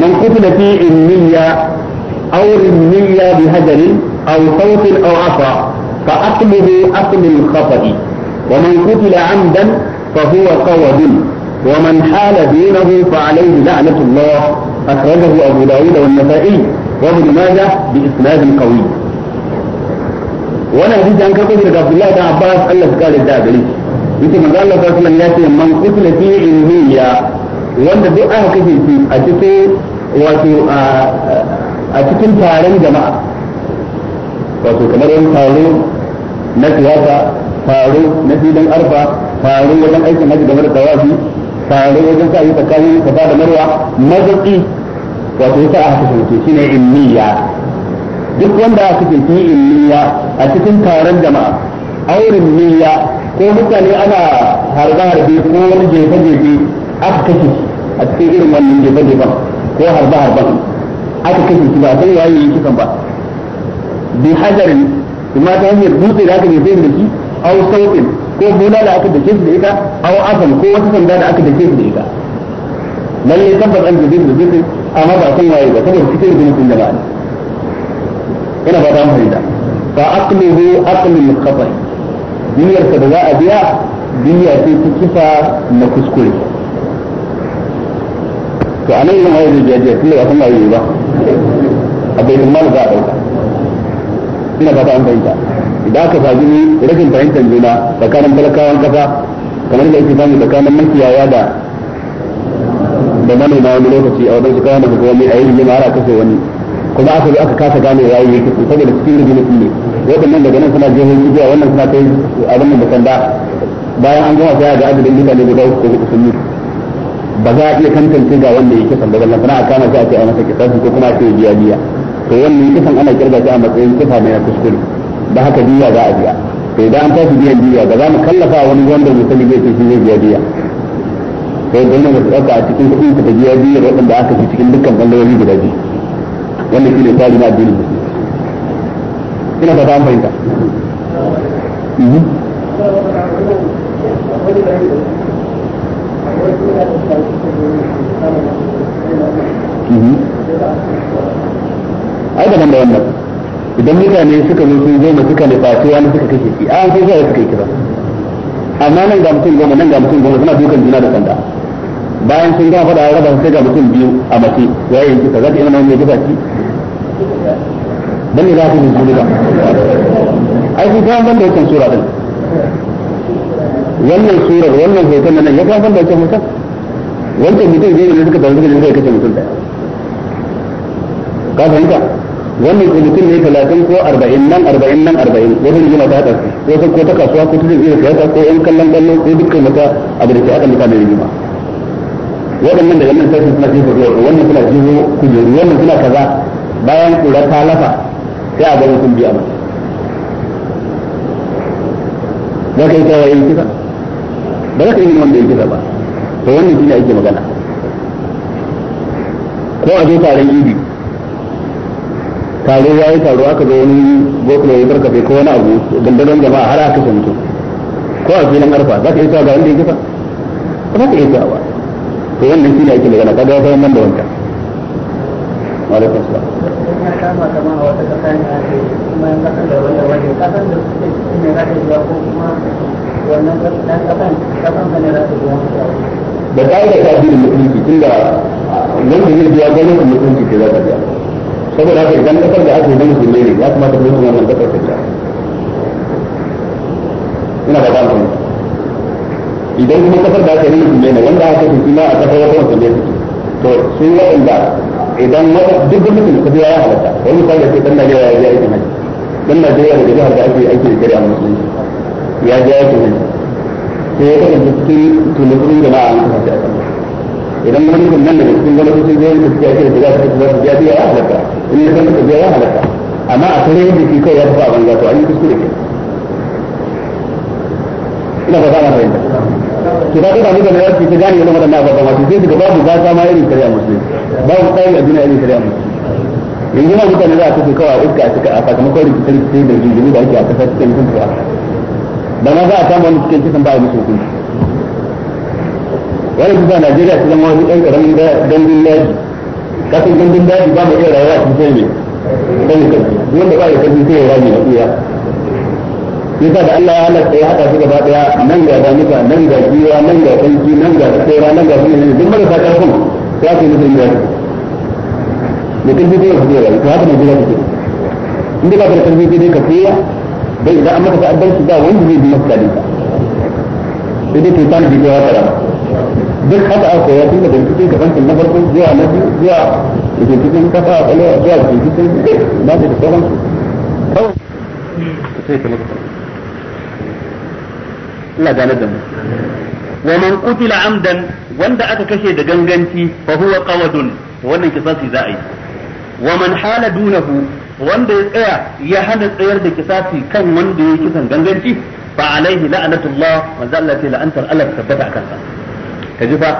من قتل في علمية او النية بهجر او صوت او عصا فاقلب اقل الخطأ ومن قتل عمدا فهو قود ومن حال دينه فعليه لعنة الله أخرجه أبو داود والنسائي وابن ماجه بإسناد قوي وانا حديث عن كتب عبد الله بن عباس الله قال الدابري yake manzo Allah sallallahu alaihi ya ce man kutila fi ilmiya wanda duk aka kashe shi a cikin wato a cikin taron jama'a wato kamar yan taro na siyasa taro na filin arfa taro wajen aikin hajji game da tawafi taro wajen tsakanin safa da marwa mazaƙi wato yasa aka kasance shine inniya duk wanda aka kasance inniya a cikin taron jama'a aurin niyya ko mutane ana harba harbe ko wani jefa jefe aka kashe a cikin irin wannan jefa jefan ko harba harba aka kashe shi ba sai yayi yi kisan ba bi hajarin kuma ta hanyar dutse da aka jefe da shi au sautin ko bola da aka dake shi da ita au azam ko wata sanda da aka dake da ita lalle tabbas an jefe da dutse amma ba san waye ba saboda cikin rubutun jama'a ina ba ta fahimta fa aqlihu aqlul khata duniyar sa da za a biya duniya ce ta kifa na kuskure to anan yin waye da jiya tun da san waye ba a bai mal za a dauka ina ba ta fahimta idan aka sami rashin fahimtar juna tsakanin talakawan kasa kamar da ake samu tsakanin makiyaya da da mani na wani lokaci a wajen shi da kuma a yi rigima a kashe wani kuma aka zo aka kasa gane ya yi yake saboda cikin rubin su ne nan daga nan suna jihar a wannan suna kai abin nan da sanda bayan an gama sai ga adadin mutane guda uku ko hudu sun mutu ba za a iya tantance ga wanda kisan sanda ba suna a kama shi a ce a masa kisasu ko kuma a ce biya biya to wannan kisan ana kirga shi a matsayin kisa ne na kuskure da haka biya za a biya to idan an tashi biyan biya ba za mu kallafa wani wanda mu zai ce shi zai biya biya sai ganin da tsaka a cikin kudin ka biya biyu da waɗanda aka fi cikin dukkan bangarori guda biyu wanda wannan shine tsari na addinin ina fata an fahimta mhm. Mhm. ai daban da wannan idan mutane suka zo sun zo suka ne nufaci wani suka kake shi an sai sai suka yi kira amma nan ga mutum goma nan ga mutum goma suna dukan juna da sanda bayan sun gama faɗa raba sai ga mutum biyu a mace ya yi kisa za ina mai kisa ci dan ne za ku yi ba ai kun kawo ban da sura din wannan surar wannan hoton nan ya kawo banda da yakan hoton wancan mutum zai ne suka tafi suka kace mutum da ka fahimta wannan ko mutum ne talatin ko arba'in nan arba'in nan arba'in wata rigima ta haɗa ko ko ta kasuwa ko ta zai ko yan kallon kallo ko dukkan mata abu da ke haɗa mutane ma. waɗannan daga nan sai suna jefa zuwa wannan suna jiho kujeru wannan suna kaza bayan kura ta lafa sai a ga mutum biya ba za ka yi kawai yin kisa ba za ka yi wanda yin kisa ba to wannan shine ake magana ko a zo taron idi taro ya yi taro aka zo wani gokulo ya barkafe ko wani abu dandanon jama'a har aka kashe mutum ko a filin arfa za ka yi kawai ga wanda yin kisa ba za ka yi kawai ba to wannan shine ake magana kaga ya bayan nan da alaikum salam da tun da wanda zai biya ke za biya saboda haka idan kasar da aka ne ya kamata gwamnatin wannan kasar ta biya ina ba ta idan kuma kasar da aka yi musulmai ne wanda aka fi kuma a kasar wata musulmai su to su waɗanda idan wata duk da mutum ka biya ya halatta wani misali ya ke dan Najeriya ya je aikin hajji dan Najeriya da jihar da ake aiki da shari'a musulunci ya je aikin hajji sai ya kasance cikin tunukun jama'a an kasance a kasar idan mulkin nan daga cikin gwamnati sun je su fiye da za su za su biya ya halatta in ya san ka biya ya halatta amma a kare yadda ke kai ya fi ba a banza to an yi kuskure kenan ina ba za fahimta to ka kada muka da ta gane irin waɗannan abubuwa wato sai daga babu gata ma irin shari'a musulmi babu tsari a duniya irin shari'a musulmi yanzu ma mutane za a kace kawai iska a cika a sakamakon rikice rikice da rigingimu da ake a kasar cikin tuntuwa da ma za a samu wani cikin kisan ba a musu hukunci wani kusa Najeriya su zama wani ɗan ƙaramin gandun daji kasan gandun daji ba mu iya rayuwa a cikin ne don da karfi wanda ba da karfi sai ya rami na iya yasa da Allah ya halatta ya hada shi gaba daya nan ga damuka nan ga jiwa nan ga kanki nan ga tsira nan ga sunan duk marasa karfin ya ce mutum ya ce da karfi zai fi yawa to haka ne gida take in da ba da karfi sai dai ka fiya dai idan an maka ta'addanci ba wanda zai bi maka dalilin sai dai tutan bi ta wata duk haka aka ya tunda da cikin ka bankin na farko zuwa na biyu zuwa da kafa a kwalewa zuwa da ke cikin ba da sauransu kawai sai ta lokacin Allah gane da mu wa man qutila amdan wanda aka kashe da ganganci fa huwa qawadun wannan kisasi za a yi wa man hala dunahu wanda ya tsaya ya hana tsayar da kisasi kan wanda ya kisan ganganci fa alaihi la'anatullah manzo Allah ce la'antar Allah tabbata akan sa kaji fa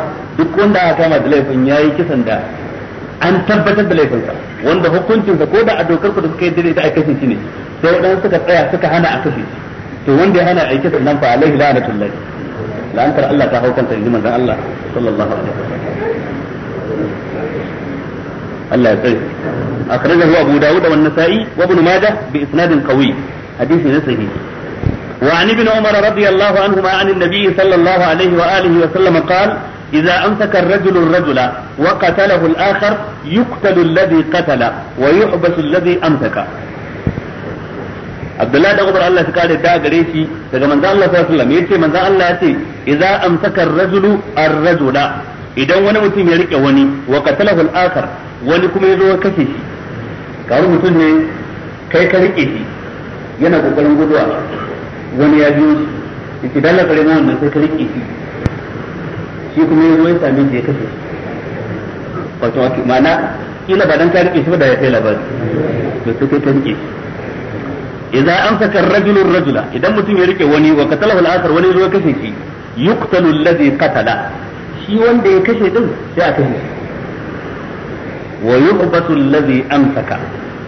duk wanda aka kama da laifin yayi kisan da an tabbatar da laifin sa wanda sa ko da a dokar ku da suka yi da ita a kashe shi ne sai wadanda suka tsaya suka hana a kashe shi to wanda ya hana aike sa nan fa alaihi la'natullah la'antar Allah ta hau kanta inji manzon Allah sallallahu alaihi wasallam Allah ya tsare akhrajahu Abu Dawud wa an-Nasa'i wa Ibn Majah bi isnadin qawi hadisi ne sahihi وعن ابن عمر رضي الله عنهما عن النبي صلى الله عليه وآله وسلم قال إذا أمسك الرجل الرجل وقتله الآخر يقتل الذي قتل ويحبس الذي أمسك Abdullahi da Umar Allah ya kare da gare shi daga manzo Allah sallallahu alaihi wasallam yace manzo Allah yace idza amsaka ar-rajulu ar-rajula idan wani mutum ya rike wani wa qatalahu al-akhar wani kuma yazo ya kashe shi kawai mutum ne kai ka rike shi yana kokarin guduwa wani ya biyo shi yace dalla kare mun sai ka rike shi shi kuma yazo ya same shi ya kace shi wato ma'ana kila ba dan ka rike shi ba da ya kai labari to sai kai ka rike shi idza amsaka ar-rajulu ar-rajula idan mutum ya rike wani wa katala al-akhar wani zo kashe shi yuqtalu alladhi qatala shi wanda ya kashe din sai a kashe wa yuqbatu alladhi amsaka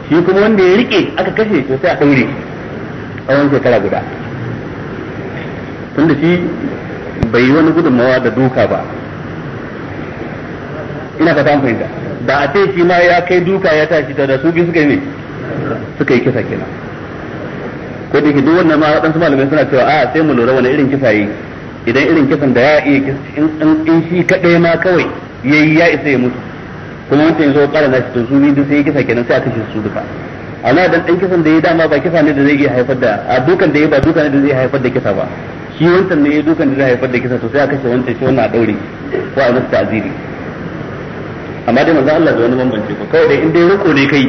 shi kuma wanda ya rike aka kashe to sai a daure a tsawon shekara guda tunda shi bai yi wani gudunmawa da duka ba ina ka ta fahimta ba a ce shi ma ya kai duka ya tashi da su biyu suka yi ne suka yi kisa kenan ko da duk wannan ma waɗansu malamai suna cewa a sai mu lura wani irin kisa yi idan irin kisan da ya iya in shi kaɗai ma kawai yayi ya isa ya mutu kuma wancan ya zo ƙara na shi to su duk sai kisa kenan sai a kashe su duka amma dan ɗan kisan da ya dama ba kisa ne da zai iya haifar da a dukan da ya ba dukan ne da zai haifar da kisa ba shi wancan ne ya dukan da zai haifar da kisa to sai a kashe wancan shi wannan a ɗaure ko a masa ta'aziri amma dai manzo Allah da wani bambance ko kawai dai in dai riko ne kai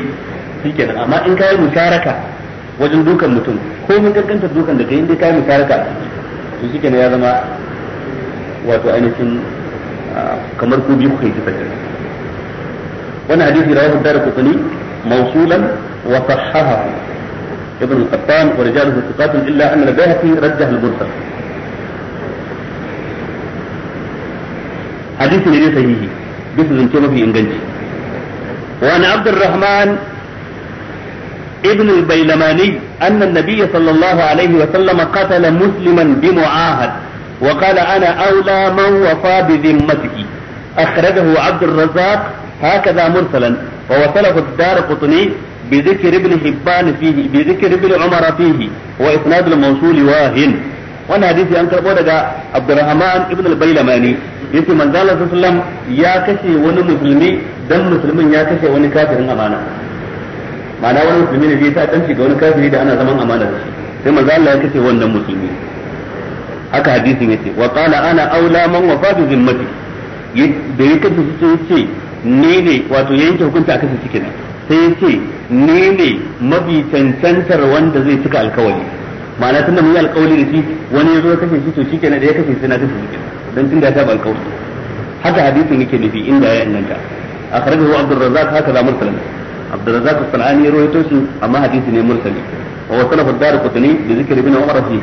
shikenan amma in kai musharaka wajen dukan mutum ko mun kankantar dukan da kai inda kai musaraka to shi ya zama wato ainihin kamar ku biyu kai kisa wannan hadisi rawahu darqutni mawsulan wa sahahahu ibn qattan wa rijaluhu thiqatun illa anna al-bayhaqi rajjaha al hadisi ne sahihi bisa zance mafi inganci wa ana abdurrahman ابن البيلماني أن النبي صلى الله عليه وسلم قتل مسلما بمعاهد وقال أنا أولى من وفى بذمتك أخرجه عبد الرزاق هكذا مرسلا ووصله الدار قطني بذكر ابن حبان فيه بذكر ابن عمر فيه وإسناد الموصول واهن وانا حديثي أن كربو دقا عبد الرحمن ابن البيلماني yace manzo Allah sallallahu alaihi wasallam ya kashe wani musulmi dan musulmin ya kashe wani kafirin amana ma'ana wani musulmi ne zai ta'addanci ga wani kafiri da ana zaman amana da shi sai manzo Allah ya kace wannan musulmi haka hadisin yace wa qala ana aula man wafa bi zimmati da ya kace su ce ne ne wato yanke hukunta akan su cikin sai yace ne ne mabi cancantar wanda zai cika alkawari ma'ana tunda mun yi alkawari da shi wani ya kace kashe shi to shikenan da ya kashe sai na kashe shi dan tunda ba saba alkawari haka hadisin yake nufi inda ya annanta akhrajahu abdurrazzaq haka da mursalin Abdurrazzaq as-Sanani ya rawaito shi amma hadisi ne mursali wa wasalahu ad-Darqutni bi zikri ibn Umar fi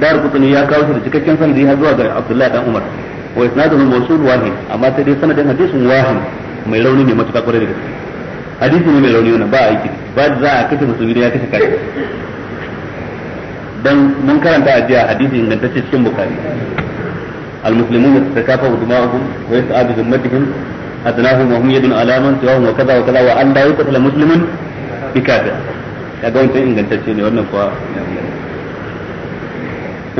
Darqutni ya kawo shi da cikakken sanadi har zuwa ga Abdullah dan Umar wa isnaduhu mawsul wahid amma sai dai sanadin hadisin wahid mai rauni ne matuƙa kwarai da gaske hadisi ne mai rauni wannan ba aiki ba za a kashe musulmi da ya kashe kai dan mun karanta a jiya hadisi ingantacce cikin bukari al-muslimuna takafa wa dima'uhum wa yas'abu zimmatihim adnahum wa hum yadun alaman tawahum wa kaza kaza wa an la yuqtalu muslimun bi kafir kaga wannan ingantacce ne wannan kuwa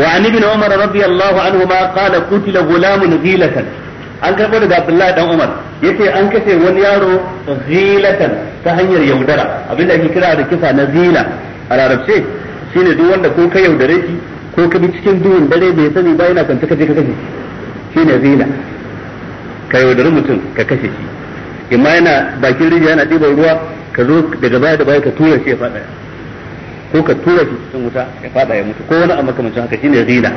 wa an ibn umar radiyallahu anhu ma kutila qutila gulamun ghilatan an karbo daga abdullahi dan umar ya ce an kashe wani yaro ghilatan ta hanyar yaudara abinda ake kira da kisa na zila a larabce shine duk wanda ko ka yaudare shi ko ka bi cikin duhun dare ya sani ba yana kwance ka je ka kashe shine zila ka yaudari mutum ka kashe shi imma yana bakin rijiya yana ɗiban ruwa ka zo daga baya da baya ka tura shi ya faɗa ko ka tura shi cikin wuta ya faɗa ya mutu ko wani a makamancin haka shine zina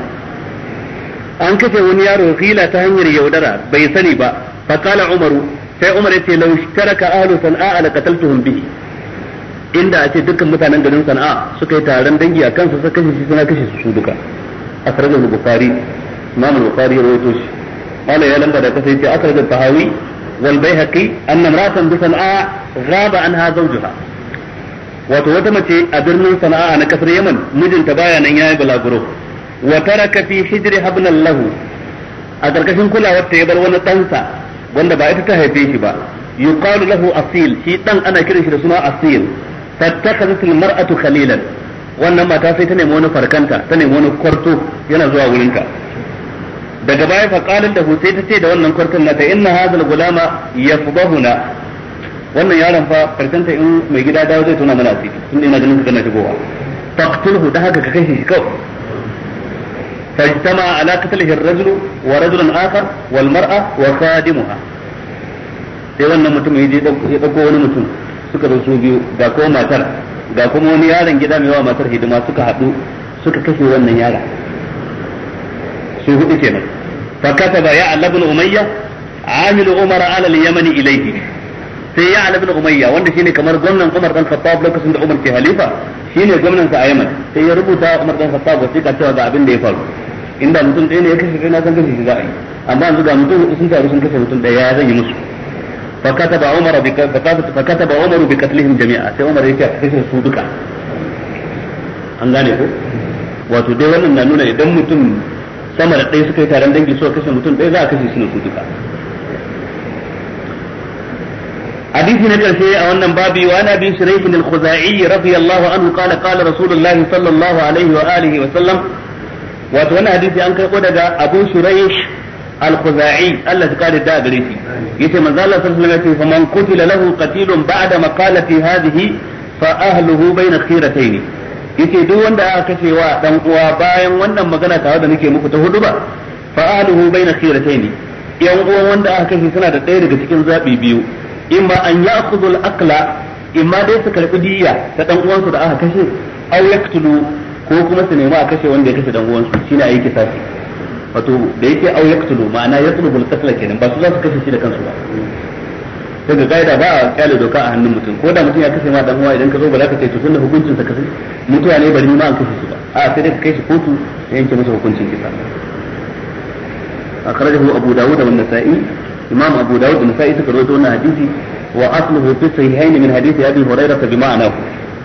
an kashe wani yaro ghila ta hanyar yaudara bai sani ba fa qala umaru sai umar ya ce law shtaraka ahlu sana'a la qataltuhum bihi inda a ce dukkan mutanen garin sana'a suka yi taron dangi a kansa suka kashe shi suna kashe su duka a sarar bukari imam bukari ya rawaito shi قال يا لمبا ده كسي أخرج الطهاوي والبيهقي أن امرأة بصنعاء غاب عنها زوجها wato wata mace a birnin sana'a na kasar yaman mijinta baya nan yayi balaguro wa taraka fi hijri habnan lahu a karkashin kulawar ta ya bar wani ɗansa wanda ba ita ta haife shi ba yuqalu lahu asil shi dan ana kiran shi da suna asil fattakhadhat almar'atu khalilan wannan mata sai ta nemi wani farkanta ta nemi wani kwarto yana zuwa wurinta daga baya fa qalat lahu sai ta ce da wannan kwartan nata inna hadha al-gulama yafdahuna wannan yaron fa karshen ta in mai gida dawo zai tona mana asiri tun ina ganin kana shigowa faqtulhu da haka ka kai shi kawai فاجتمع على قتله الرجل ورجل آخر والمرأة وخادمها sai wannan mutum ya ɗauko wani mutum suka zo su biyu ga ko matar ga kuma wani yaron gida mai wa matar hidima suka haɗu suka kashe wannan yara su hudu kenan فكتب يعلى بن أمية عامل عمر على اليمن إليه sai ya alabin umayya wanda shine kamar gwamnan umar dan khattab lokacin da umar ke halifa shine gwamnan sa a yaman sai ya rubuta umar dan khattab wasiƙa cewa ga abin da ya faru inda mutum ɗaya ne ya kashe kai na san kashe shi za a yi amma yanzu ga mutum hudu sun taru sun kashe mutum ɗaya ya zan yi musu فكتب عمر فكتب عمر بقتلهم jami'a sai umar yake kashe su duka an gane ko wato dai wannan na nuna idan mutum sama da ɗaya suka yi taron dangi suka kashe mutum ɗaya za a kashe shi ne su duka حديث نكر أو أن بابي وأنا أبي شريف الخزاعي رضي الله عنه قال قال رسول الله صلى الله عليه وآله وسلم وأتوانا حديث أنك قد أبو شريح الخزاعي الذي قال الداء بريتي يتي من ذال صلى الله عليه وسلم فمن قتل له قتيل بعد مقالتي هذه فأهله بين خيرتين yace duk wanda aka kashe wa dan uwa bayan wannan magana tare da nake muku ta hudu ba fa ahluhu baina khiratayn yan uwan wanda aka kashe suna da ɗaya daga cikin zabi biyu in ba an ya'khudhu al-aqla ma dai su karbi diyya ta dan uwansu da aka kashe aw yaqtulu ko kuma su nemi a kashe wanda ya kashe dan uwansu shine ayi kisasi wato da yake aw yaqtulu ma'ana yatlubul qatl kenan ba su za su kashe shi da kansu ba daga gaida ba a kyale doka a hannun mutum ko da mutum ya kashe ma dan uwa idan ka zo ba za ka ce to sunna hukuncin sa kashe mutuwa ne bari ma an kashe su ba a sai dai ka kai shi kotu ya yanke masa hukuncin kisa akhrajahu abu dawud wa an-nasa'i imam abu dawud da nasa'i suka rawaito wannan hadisi wa asluhu fi sahihayn min hadisi abi hurairah bi ma'ana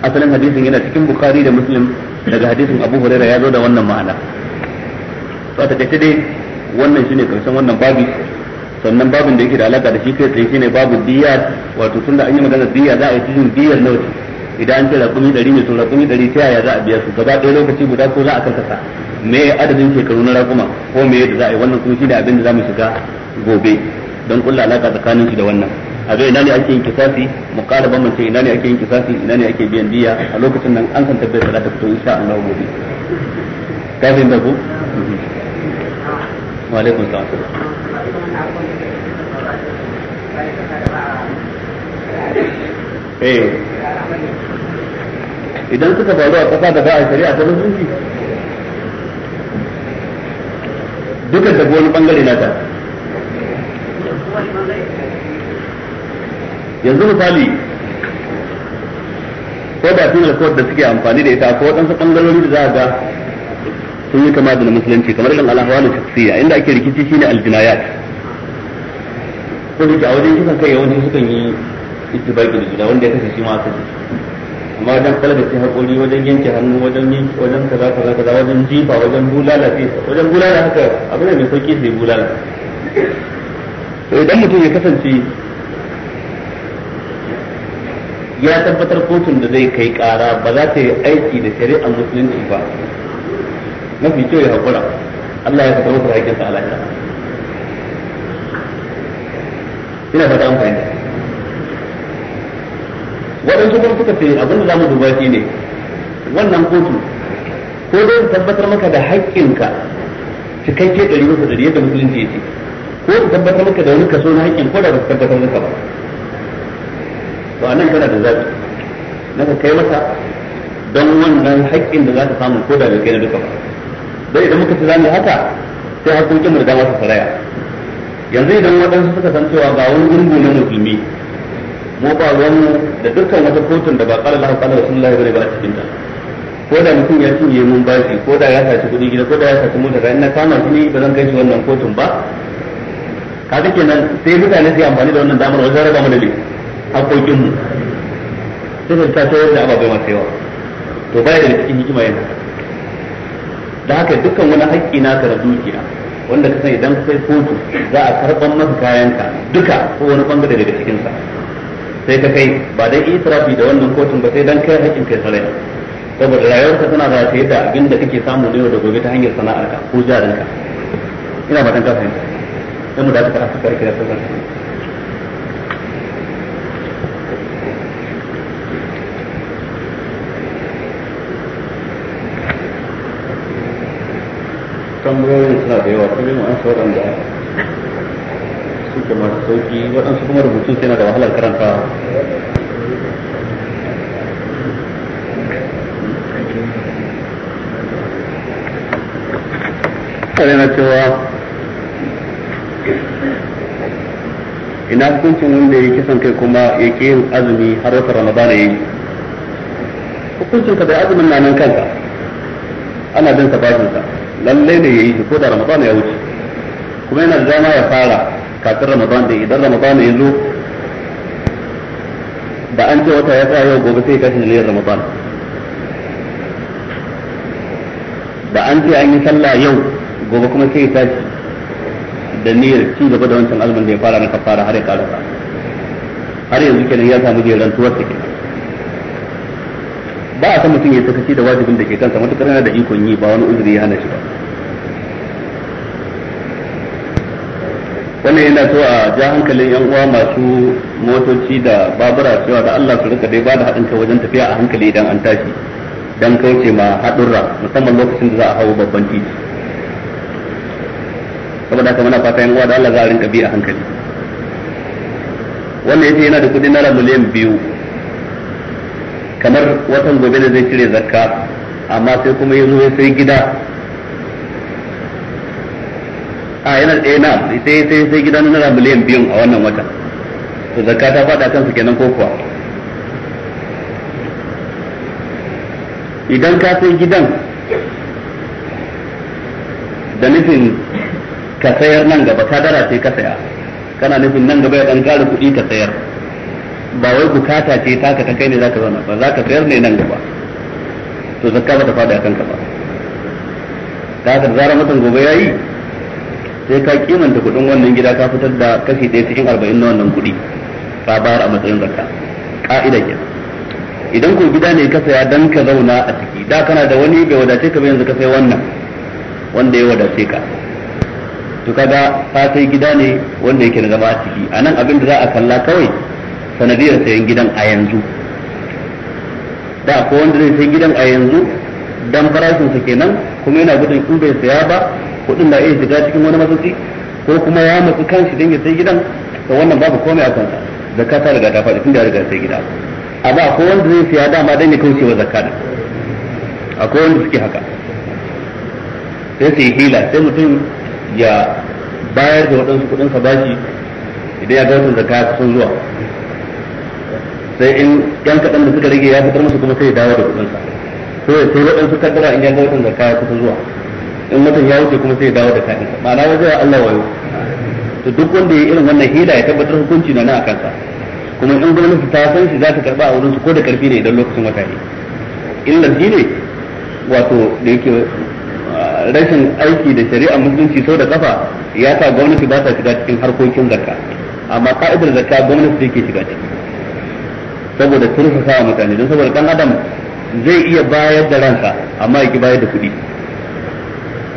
asalin hadisin yana cikin bukhari da muslim daga hadisin abu hurairah ya zo da wannan ma'ana to ta dai wannan shine karshen wannan babi sannan babin da yake da alaka da shi kai tsaye shine babu diya wato tunda an yi magana diya za a yi cikin diyar nawa idan an ce rakumi ɗari ne to rakumi ɗari ta yaya za a biya su gaba ɗaya lokaci guda ko za a karkasa me adadin shekaru na rakuma ko me yadda za a yi wannan kuma shi da abin da za mu shiga gobe don kulla alaka tsakanin shi da wannan a zai ina ne ake yin kisasi mu ƙara mace ina ne ake yin kisasi ina ne ake biyan diya a lokacin nan an san tabbata za ta fito insha Allah gobe ka fahimta ko wa alaikum salam Eh. idan suka faru a kasa da ba a shari'a ta musulunci duka da wani bangare na ta yanzu misali ko da tunar da suke amfani da ita ko waɗansu bangarori da za a ga sun yi kama da na musulunci kamar kan alahwal shakhsiyya inda ake rikici shine aljinayat ko da a wajen kisan kai yawanci sukan yi ittibaki da gida wanda ya kashe shi ma aka amma wajen kala da sai hakuri wajen yanke hannu wajen yanke wajen kaza kaza kaza wajen jifa wajen bulala sai wajen bulala haka abin da mai sauki sai bulala to idan mutum ya kasance ya tabbatar kotun da zai kai kara ba za ta yi aiki da shari'ar musulunci ba mafi kyau ya haƙura Allah ya fitar masa haƙƙinsa a alaƙa ina fata an fahimta waɗansu kuma suka ce abin da za mu duba shi ne wannan kotu ko dai tabbatar maka da haƙƙinka cikakke ɗari bisa ɗari yadda musulunci ya ce ko su tabbatar maka da wani kaso na haƙƙin ko da ba su tabbatar maka ba to a nan kana da zaɓi na ka kai masa don wannan haƙƙin da za ka samu ko da bai kai na duka ba dai idan muka ci zamu haka sai hakokin mu da masa faraya yanzu idan waɗansu suka san cewa ga wani gungu na musulmi mu ba ruwan mu da dukkan wata kotun da ba qala Allah qala rasulullahi bane ba a cikin ta ko da mutum ya ci mun bashi ko da ya saci kuɗi gida ko da ya saci mota ina kama shi ne ba zan kai shi wannan kotun ba kaga kenan sai mutane su yi amfani da wannan damar wajen raba mana ne hakokin mu sai ta tayar da ababai masu yawa to baya da cikin hikima yana da haka dukkan wani haƙƙi naka da dukiya wanda ka san idan kai kotu za a karɓan masa ka duka ko wani bangare daga sa sai ka kai ba dai israfi da wannan kotun ba sai dan kai haƙƙin kai sarai saboda ka tana zata da abin da kake samu ne da gobe ta hanyar sana'arka ko jarinka ina ba dan ka fahimta sai mu da ka fara kira sai tambayoyin suna da yawa sai mu amsa waɗanda suke masu sauki waɗansu kuma rubutun sai na da wahalar karanta. kare na cewa ina hukuncin wanda ya kisan kai kuma ya ke yin azumi har wata ramadana ya yi hukuncin ka da azumin na nan kanka ana bin sa bashin lallai ne yayi shi ko da ramadan ya wuce kuma yana da dama ya fara kafin ramadan da idan ramadan ya zo da an ce wata ya tsaya yau gobe sai kashin liyar ramadan da an ce an yi sallah yau gobe kuma sai ya tashi da niyyar ci gaba da wancan azumin da ya fara na kafara har ya karasa har yanzu kenan ya samu jeran tuwar take ba a san mutum ya sakaci da wajibin da ke kansa matukar yana da ikon yi ba wani uzuri ya hana shi ba wannan yana so a ja hankalin yan uwa masu motoci da babura cewa da Allah su rika dai ba da haɗin kai wajen tafiya a hankali idan an tashi dan kauce ma haɗurra musamman lokacin da za a hawo babban titi saboda haka muna fata yan uwa da Allah za a rinka bi a hankali wannan yace yana da kudi na miliyan biyu kamar watan gobe da zai cire zakka amma sai kuma ya zo ya sai gida a yana tsaye na sai sai sai gidan naira miliyan biyun a wannan wata to zakka ta fada kansu kenan ko kuwa idan ka sai gidan da nufin ka sayar nan gaba ka dara sai ka saya kana nufin nan gaba ya dan ƙara kuɗi ka sayar ba wai bukata ce taka ta kai ne zaka zauna ba zaka sayar ne nan gaba to zakka ba ta fada kanka ba ta haka da zarar mutum gobe yayi sai ka kimanta kudin wannan gida ka fitar da kashi ɗaya cikin arba'in na wannan kuɗi ka bayar a matsayin zakka ka'ida ke idan ko gida ne ka saya dan ka zauna a ciki da kana da wani bai wadace ka bai yanzu ka sai wannan wanda ya wadace ka to kaga ka sai gida ne wanda yake na zama a ciki anan abin da za a kalla kawai sanadiyar sayan gidan a yanzu da ko wanda zai sai gidan a yanzu dan farashinsa kenan kuma yana gudun in bai saya ba kudin na iya shiga cikin wani masauki ko kuma ya matsu kanshi don ya sai gidan to wannan babu komai a kansa zakka ta riga ta faɗi tun da ya riga sai gida amma akwai wanda zai siya dama don ya kauce wa zakka din akwai wanda suke haka sai sai hila sai mutum ya bayar da waɗansu kuɗin bashi idan ya gautar zakka sun zuwa sai in yan kaɗan da suka rage ya fitar musu kuma sai ya dawo da kuɗinsa sai ya sai waɗansu kaddara in ya gautar zakka ya kusan zuwa in mutum ya wuce kuma sai ya dawo da kaɗin ma'ana wajen ya Allah wayo to duk wanda ya irin wannan hila ya tabbatar hukunci na nan a kansa kuma in gwamnati ta san shi za ta karɓa a wurinsu ko da karfi ne idan lokacin wata ne illar shi ne wato da yake ah, rashin aiki da shari'a musulunci sau da kafa ya sa gwamnati ba ta shiga cikin harkokin zakka amma ka'idar zakka gwamnati ke shiga ciki saboda turfafa mutane don saboda dan adam zai iya bayar da ransa amma ya ki bayar da kuɗi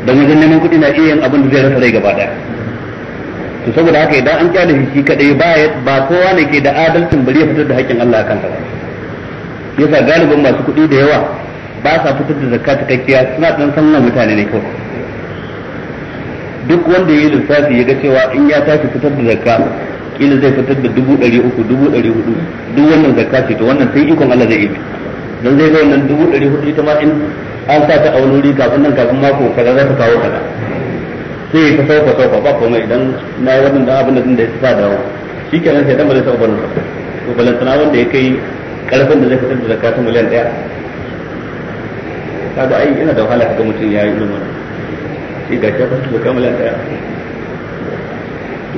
dan wajen neman kuɗi na iya yin abin da zai rasa rai gaba daya to saboda haka idan an kyale shi kadai ba ba kowa ne ke da adalcin bari ya fitar da haƙƙin Allah akan sa yasa galibin masu kuɗi da yawa ba sa fitar da zakka kakkiya suna dan sannan mutane ne kawai duk wanda ya yi lissafi ya ga cewa in ya tashi fitar da zakka kila zai fitar da dubu ɗari uku dubu ɗari hudu duk wannan zakka ce to wannan sai ikon Allah zai yi dan zai ga wannan dubu ɗari hudu ita ma in an sa ta auri wuri kafin nan kafin mako kaza za ta kawo kaza sai ta sauka sauka ba kuma idan na yi wannan dan abin da din da ya sa dawo shi kenan sai dan ba zai sa ubanin sa to balantana wanda ya kai karfin da zai fitar da zakatun miliyan daya kaga ai ina da wahala ga mutum ya yi ilimin shi ga shafa su zakatun miliyan daya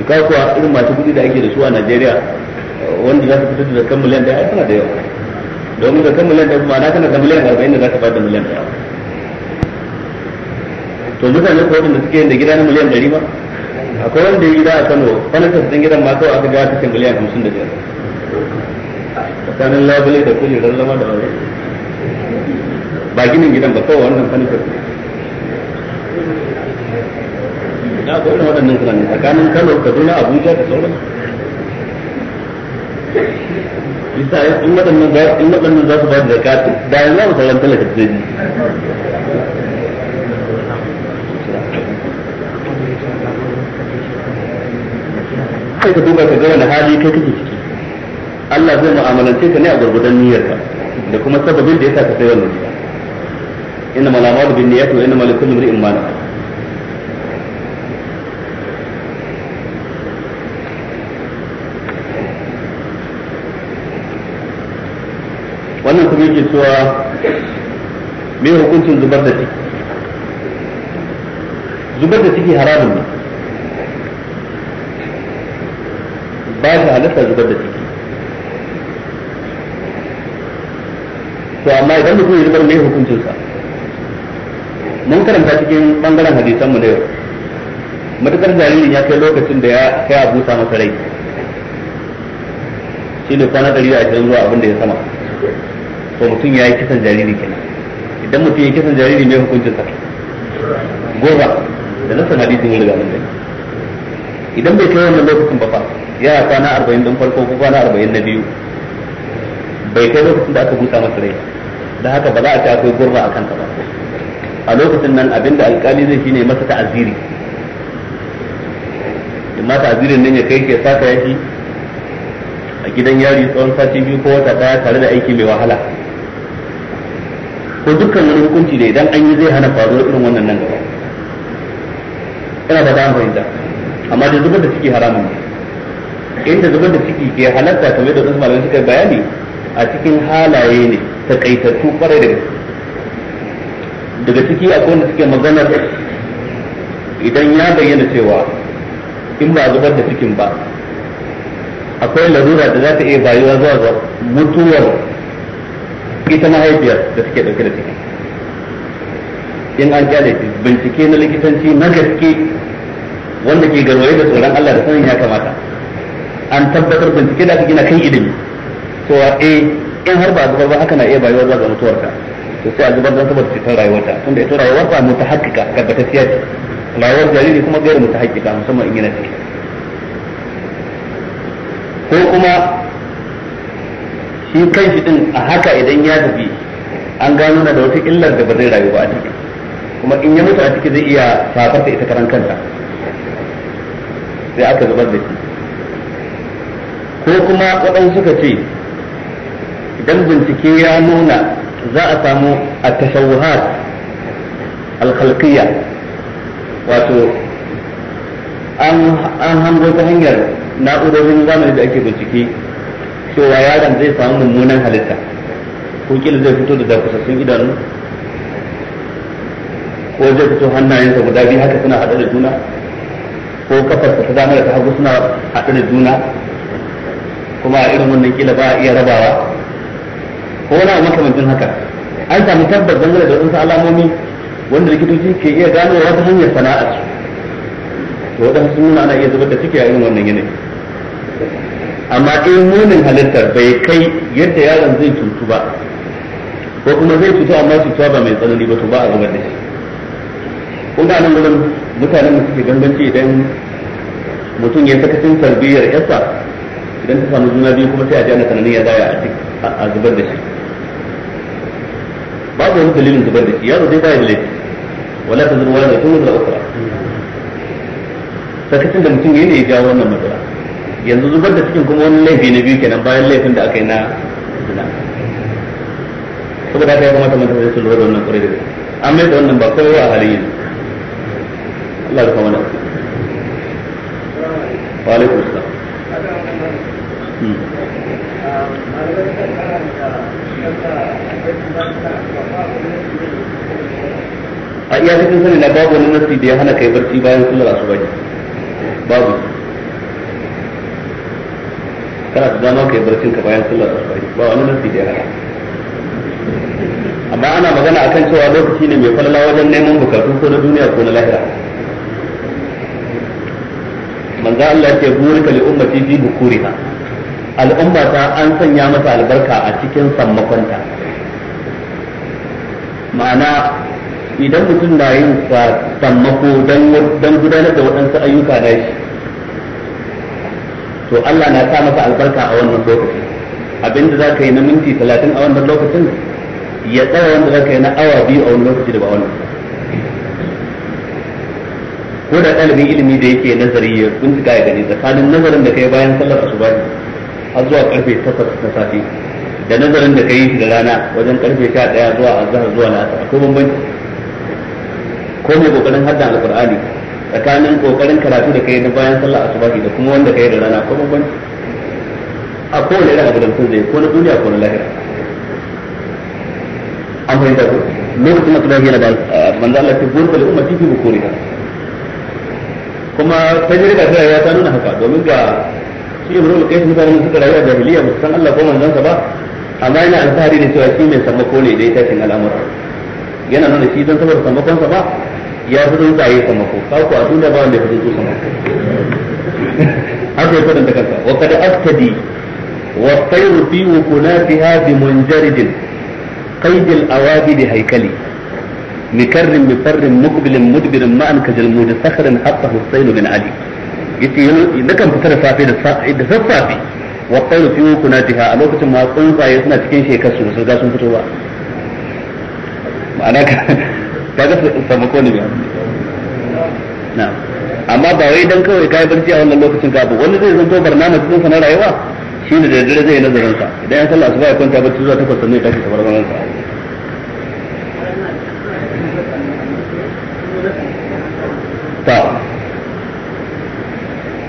to ka kuwa irin masu kuɗi da ake da su a Najeriya wanda za su fitar da zakatun miliyan daya a tana da yawa domin zakatun miliyan daya kuma na kana da miliyan 40 da za ka bada miliyan daya to mutane ko wanda suke yin da gidan miliyan 100 ba akwai wanda ya gida a Kano fanatar din gidan ma kawai aka ga ta cin miliyan hamsin da biyar tsakanin labule da kuli rallama da wani ba ginin gidan ba kawai wannan fanatar da akwai irin waɗannan tunani tsakanin Kano Kaduna Abuja da sauran bisa in waɗannan za su ba da zakat da yanzu za mu sauran talaka da sai ka duba ka ga wani hali kai kake ciki Allah zai mu'amalance ka ne a gurgudan niyyarka da kuma sababin da yasa ka sai wannan niyya inna mal a'malu bin niyyati wa inna imrin ma wannan kuma yake cewa me hukuncin zubar da ciki zubar da ciki haramun ne ba su halitta zubar da ciki to amma idan mutum ya zubar mai hukuncinsa mun karanta cikin bangaren hadisan mu da yau matukar jaririn ya kai lokacin da ya kai a busa masa rai shi ne kwana ɗari da ashirin zuwa abin da ya sama to mutum ya yi kisan jariri kenan idan mutum ya kisan jariri mai hukuncinsa goma da nasan hadisin yin riga mun idan bai kai wannan lokacin ba fa ya kwana arba'in din farko ko kwana arba'in na biyu bai kai lokacin da aka busa masa rai da haka ba za a ci akwai gurba a kanta ba a lokacin nan abinda alkali zai shine masa ta'aziri amma ta'azirin nan ya kai ke saka yaki a gidan yari tsawon sati biyu ko wata daya tare da aiki mai wahala ko dukkan wani hukunci ne idan an yi zai hana faruwar irin wannan nan gaba ina ba ta fahimta amma da zubar da suke haramun ne inda zubar da ciki ke halatta kamar da wasu malamai suka bayani a cikin halaye ne kaitattu kwarai da daga ciki a wanda suke maganar idan ya bayyana cewa in ba zubar da cikin ba akwai larura da za ta iya bayuwa zuwa ga mutuwar ita mahaifiyar da suke dauke da ciki in an kyale bincike na likitanci na gaske wanda ke garwaye da tsoron Allah da sanin ya kamata an tabbatar bincike da aka gina kan ilimi to eh in har ba zubar ba haka na iya ba zuwa ga mutuwarka to sai a zubar don saboda cutar rayuwarta tunda ita rayuwar ba mu ta haƙƙiƙa tabbatacciya ce rayuwar jariri kuma gairu mu ta hakika musamman in yana ciki ko kuma shi kan shi din a haka idan ya tafi an gano na da wata illar da ba zai rayu ba a ciki kuma in ya mutu a ciki zai iya shafar ita karan kanta sai aka zubar da shi ko kuma waɗansu suka ce idan bincike ya nuna za a samu a tashawuhat alkhalqiyya wato an hango ta hanyar na'urorin zamani da ake bincike cewa yaron zai samu mummunan halitta ko kila zai fito da dakusassun idanu ko zai fito hannayensa guda biyu haka suna haɗe da juna ko kafarsa ta dama da ta hagu suna haɗe da juna kuma a irin wannan kila ba a iya rabawa ko wani abu makamancin haka an sami tabbas dangane da wasu alamomi wanda likitoci ke iya gano wata hanyar sana'a su to waɗansu sun nuna ana iya zubar da ciki a irin wannan yanayi amma in munin halittar bai kai yadda yaron zai cutu ba ko kuma zai cutu amma cutuwa ba mai tsanani ba to ba a zubar da shi kuma nan wurin mutanen da suke ganganci idan mutum ya saka cin tarbiyyar yasa idan ta samu juna biyu kuma sai a jana sanannin ya zaya a zubar da shi babu wani dalilin zubar da shi yaro zai zaya da laifi wala ta zubar da tun da ukra sakacin da mutum yana ya jawo wannan matsala yanzu zubar da cikin kuma wani laifi na biyu kenan bayan laifin da aka yi na zina saboda haka ya kamata mata zai su lura da wannan kwarai da an mai da wannan ba kawai a halin yanzu Allah da kama da wa alaikum a iya cikin sani na babu wani nasi da ya hana kai barci bayan sallar asuba ne babu kana da dama kai barcin ka bayan sallar asuba ne ba wani nasi da ya hana amma ana magana akan cewa lokaci ne mai falala wajen neman bukatu ko na duniya ko na lahira manzo Allah ya ce burika li ummati fi bukuriha al'umma ta an sanya masa albarka a cikin sammakonta ma'ana idan mutum na yin sammako don gudanar da waɗansu ayyuka na shi to Allah na sa masa albarka a wannan lokacin abinda za ka yi na minti talatin a wannan lokacin ya tsara wanda za ka yi na awa biyu a wani lokaci da ba wani ko da ɗalibin ilimi da yake nazari ya bincika ya gani tsakanin nazarin da ka yi bayan sallar asuba ne har zuwa karfe 8 na safe da nazarin da kai da rana wajen karfe 11 zuwa azhar zuwa na asar akwai bambanci ko mai kokarin hadda alqur'ani tsakanin kokarin karatu da kai na bayan sallah asubahi da kuma wanda kai da rana ko bambanci a kowane irin abu da mutum zai ko na duniya ko na lahira an fahimta ku lokacin da kuma yana da eh, manzo Allah ya da ummati fi bukuriha kuma tajriba ta ya ta nuna haka domin ga shi ibrahim kai mutanen da suka rayuwa jahiliya ba san Allah ko manzon sa ba amma yana alfahari da cewa shi mai sammako ne da tashin al'amura yana nuna shi dan saboda sammakon sa ba ya fi don tsaye sammako ka a duniya ba wanda ya fi don sammako haka ya da kansa wa kada aftadi wa tayru fi wukunatiha bi munjaridin قيد الأوابد هيكلي مكر مفر مقبل مدبر معا كجلمود صخر حطه السيل بن علي yace nakan fita da safe da da sassafe wa tayru fi kunatiha a lokacin ma tsuntsaye suna cikin shekar su su ga sun fito ba ma'ana ka ta ga samako ne na amma ba wai dan kawai kai barci a wannan lokacin ka ba wani zai zanto barnamij din sa na rayuwa shi ne da dare zai nazarin sa idan ya sallah asuba ya kwanta barci zuwa 8 sannan ya tashi tabarbaran sa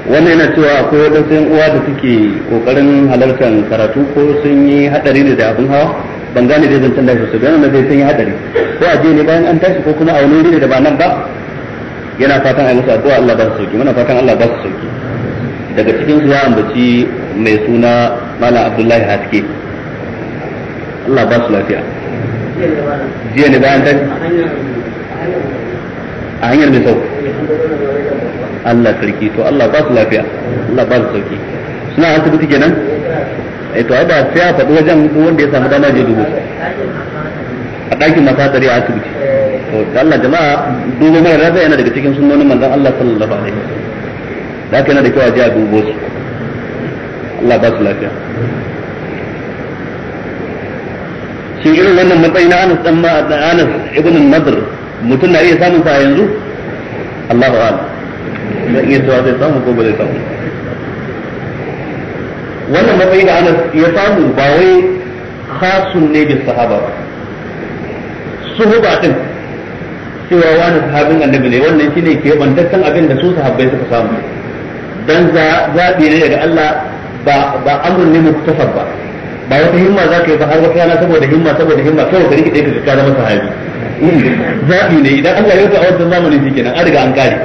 wannan yana cewa akwai waɗansu yan uwa da suke kokarin halartar karatu ko sun yi hadari ne da abin hawa ban gane zai zancen da sosai don zai sun yi hadari ko a je ne bayan an tashi ko kuma a wani wuri da ba nan ba yana fatan a yi musu addu'a Allah ba su sauki muna fatan Allah ba su sauki daga cikin su ya ambaci mai suna Malam Abdullahi Haske Allah ba su lafiya jiya ne bayan tashi a hanyar mai sauki Allah sarki to Allah ba su lafiya Allah ba su sauki suna an tabbata kenan eh to ba sai a faɗi wajen wanda ya samu dama je dubo a ɗakin masu hadari a asibiti to Allah jama'a dubo mara raza yana daga cikin sunnonin manzon Allah sallallahu alaihi wasallam da haka yana da kyau a je a dubo su Allah ba su lafiya shin irin wannan matsayi na Anas dan Anas ibn Nadr mutum na iya samun sa yanzu Allahu a'lam zan iya cewa zai samu ko ba zai samu wannan matsayi da Anas ya samu ba wai khasun ne bis sahaba ba huba din cewa wani sahabin annabi ne wannan shine ke bantaccen abin da su sahabbai suka samu dan zaɓi ne daga Allah ba ba amrun ne muktasab ba ba wata himma za ka yi ba har wata yana saboda himma saboda himma kawai ka rike ka ka zama sahabi hmm. zaɓi ne idan Allah ya yi a wannan zamanin shi kenan an riga an kare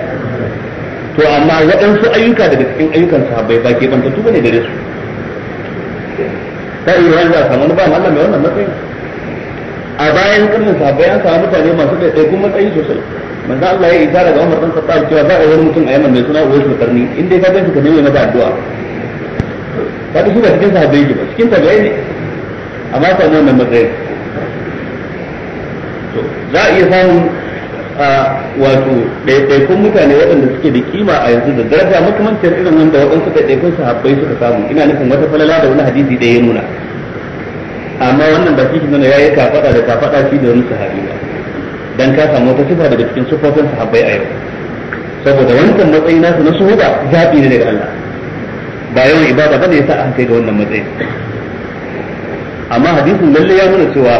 to amma waɗansu ayyuka daga cikin ayyukan sahabbai ba ke bantattu bane gare su ta iya wani za a samu ba mallam mai wannan matsayi a bayan karnin sahabbai an samu mutane masu ɗaiɗaikun matsayi sosai manzo Allah ya isa daga Umar dan Khattab cewa za a yi mutum a yamma mai suna Uwais Karni in dai ka ganshi ka nemi masa addu'a ba shi ba cikin sahabbai ba cikin tabi'ai ne amma samu wannan To za a iya samun A wato ɗaiɗaikun mutane waɗanda suke da kima a yanzu da daraja makamancin irin wanda waɗansu ɗaiɗaikun sahabbai suka samu ina nufin wata falala da wani hadisi ɗaya ya nuna amma wannan ba shi nuna yayi kafaɗa da kafaɗa shi da wani sahabi ba dan ka samu wata sifa daga cikin sufofin sahabbai a yau saboda wancan matsayi nasu na suhuda zaɓi ne daga Allah ba yawan ibada bane yasa a kai ga wannan matsayin amma hadisin lallai ya nuna cewa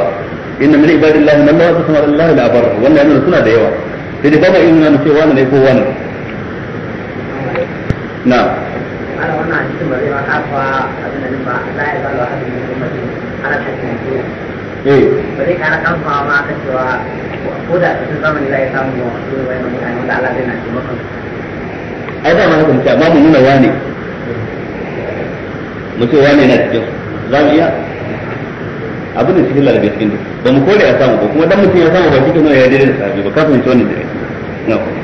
inna min ibadillahi man la yaqsimu Allah la bar wannan yana suna da yawa sai dai baba in nan cewa ne ko wani na ana wannan cikin bare ba ka fa abin ba la ya zalo hadin ummati ana cikin eh bare kana kan fa ma ka cewa ko da cikin zamani la ya samu ko wai mun kana da Allah zai na ce maka ai da ma ta amma mun nuna wane mu ce wani na cikin za iya abin da cikin lalabe cikin duk ba mu kore a samu ba kuma dan mutum ya samu ba cikin nuna ya daidai da sahabi ba kafin fahimci wannan da yake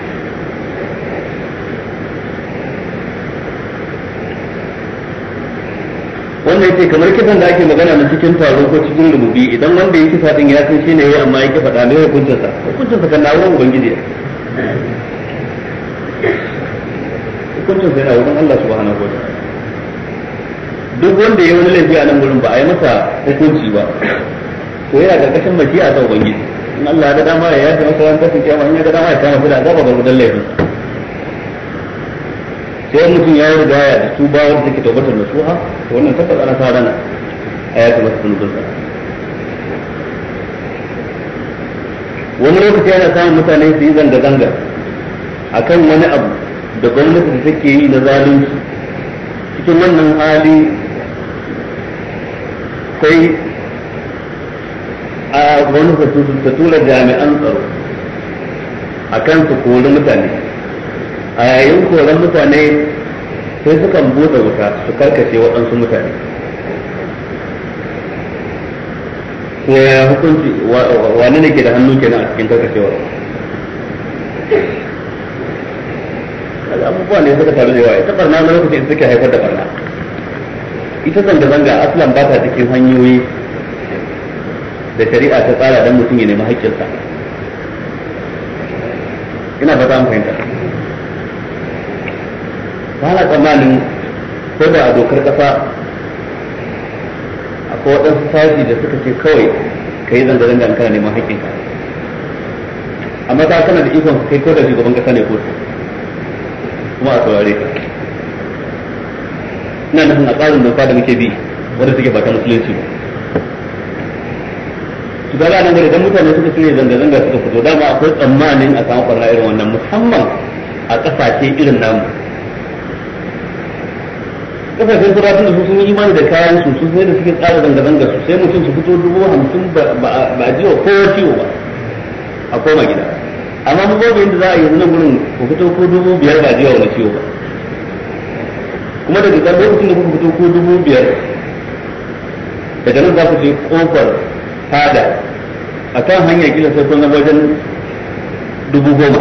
na wannan yace kamar kisan da ake magana na cikin taro ko cikin rububi idan wanda ya kisa din ya san shi ne amma ya ki faɗa ne hukuncin sa hukuncin sa kan nawo ubangiji hukuncin sa yana wurin Allah subhanahu wa ta'ala duk wanda ya wani laifi a nan gurin ba a yi masa hukunci ba to yana karkashin mashi'a ta ubangiji in Allah da dama ya yafi masa ran kasin kiyama in ya ga dama ya kama da azaba ga gudan laifin sai mutum ya yi rigaya da su ba wanda take taubatar da suha to wannan tabbas ana sa rana a yafi masa sunubin sa wani lokaci ana samun mutane su yi zanga-zanga kan wani abu da gwamnati da take yi na zalunci cikin wannan hali sai a gwamnati ta tura jami'an tsaro a kan su kori mutane a yayin koran mutane sai sukan buɗe wuta su karkace waɗansu mutane ya hukunci wani ne ke da hannu kenan a cikin karkacewar abubuwa ne suka faru da yawa ita barna na lokacin suke haifar da barna ita zanga-zanga aslan ba ta cikin hanyoyi da shari'a ta tsara dan mutum ya nemi haƙƙinsa ina ba za mu fahimta ba na tsammanin ko da a dokar ƙasa akwai waɗansu sashi da suka ce kawai ka yi zanga-zanga kana neman haƙƙinka amma ta kana da ikon kai ko da shugaban ƙasa ne kotu kuma a saurare ka ina nufin a tsarin doka da muke bi wanda suke ba ta musulunci ba su ga nan gare dan mutane suka shirya zanga zanga suka fito dama akwai tsammanin a samu barna irin wannan musamman a kasashe irin namu kasashen ratun da su sun yi imani da kayan su su sai da suke tsara zanga zanga su sai mutum su fito dubu hamsin ba a jiwa kowa ciwo ba a koma gida amma mu gobe inda za a yi nan gurin ku fito ko dubu biyar ba a jiwa wani ciwo ba kuma daga lokacin da kuka fito ko dubu biyar daga nan za ku je kofar fada a kan hanya kila sai kuma wajen dubu goma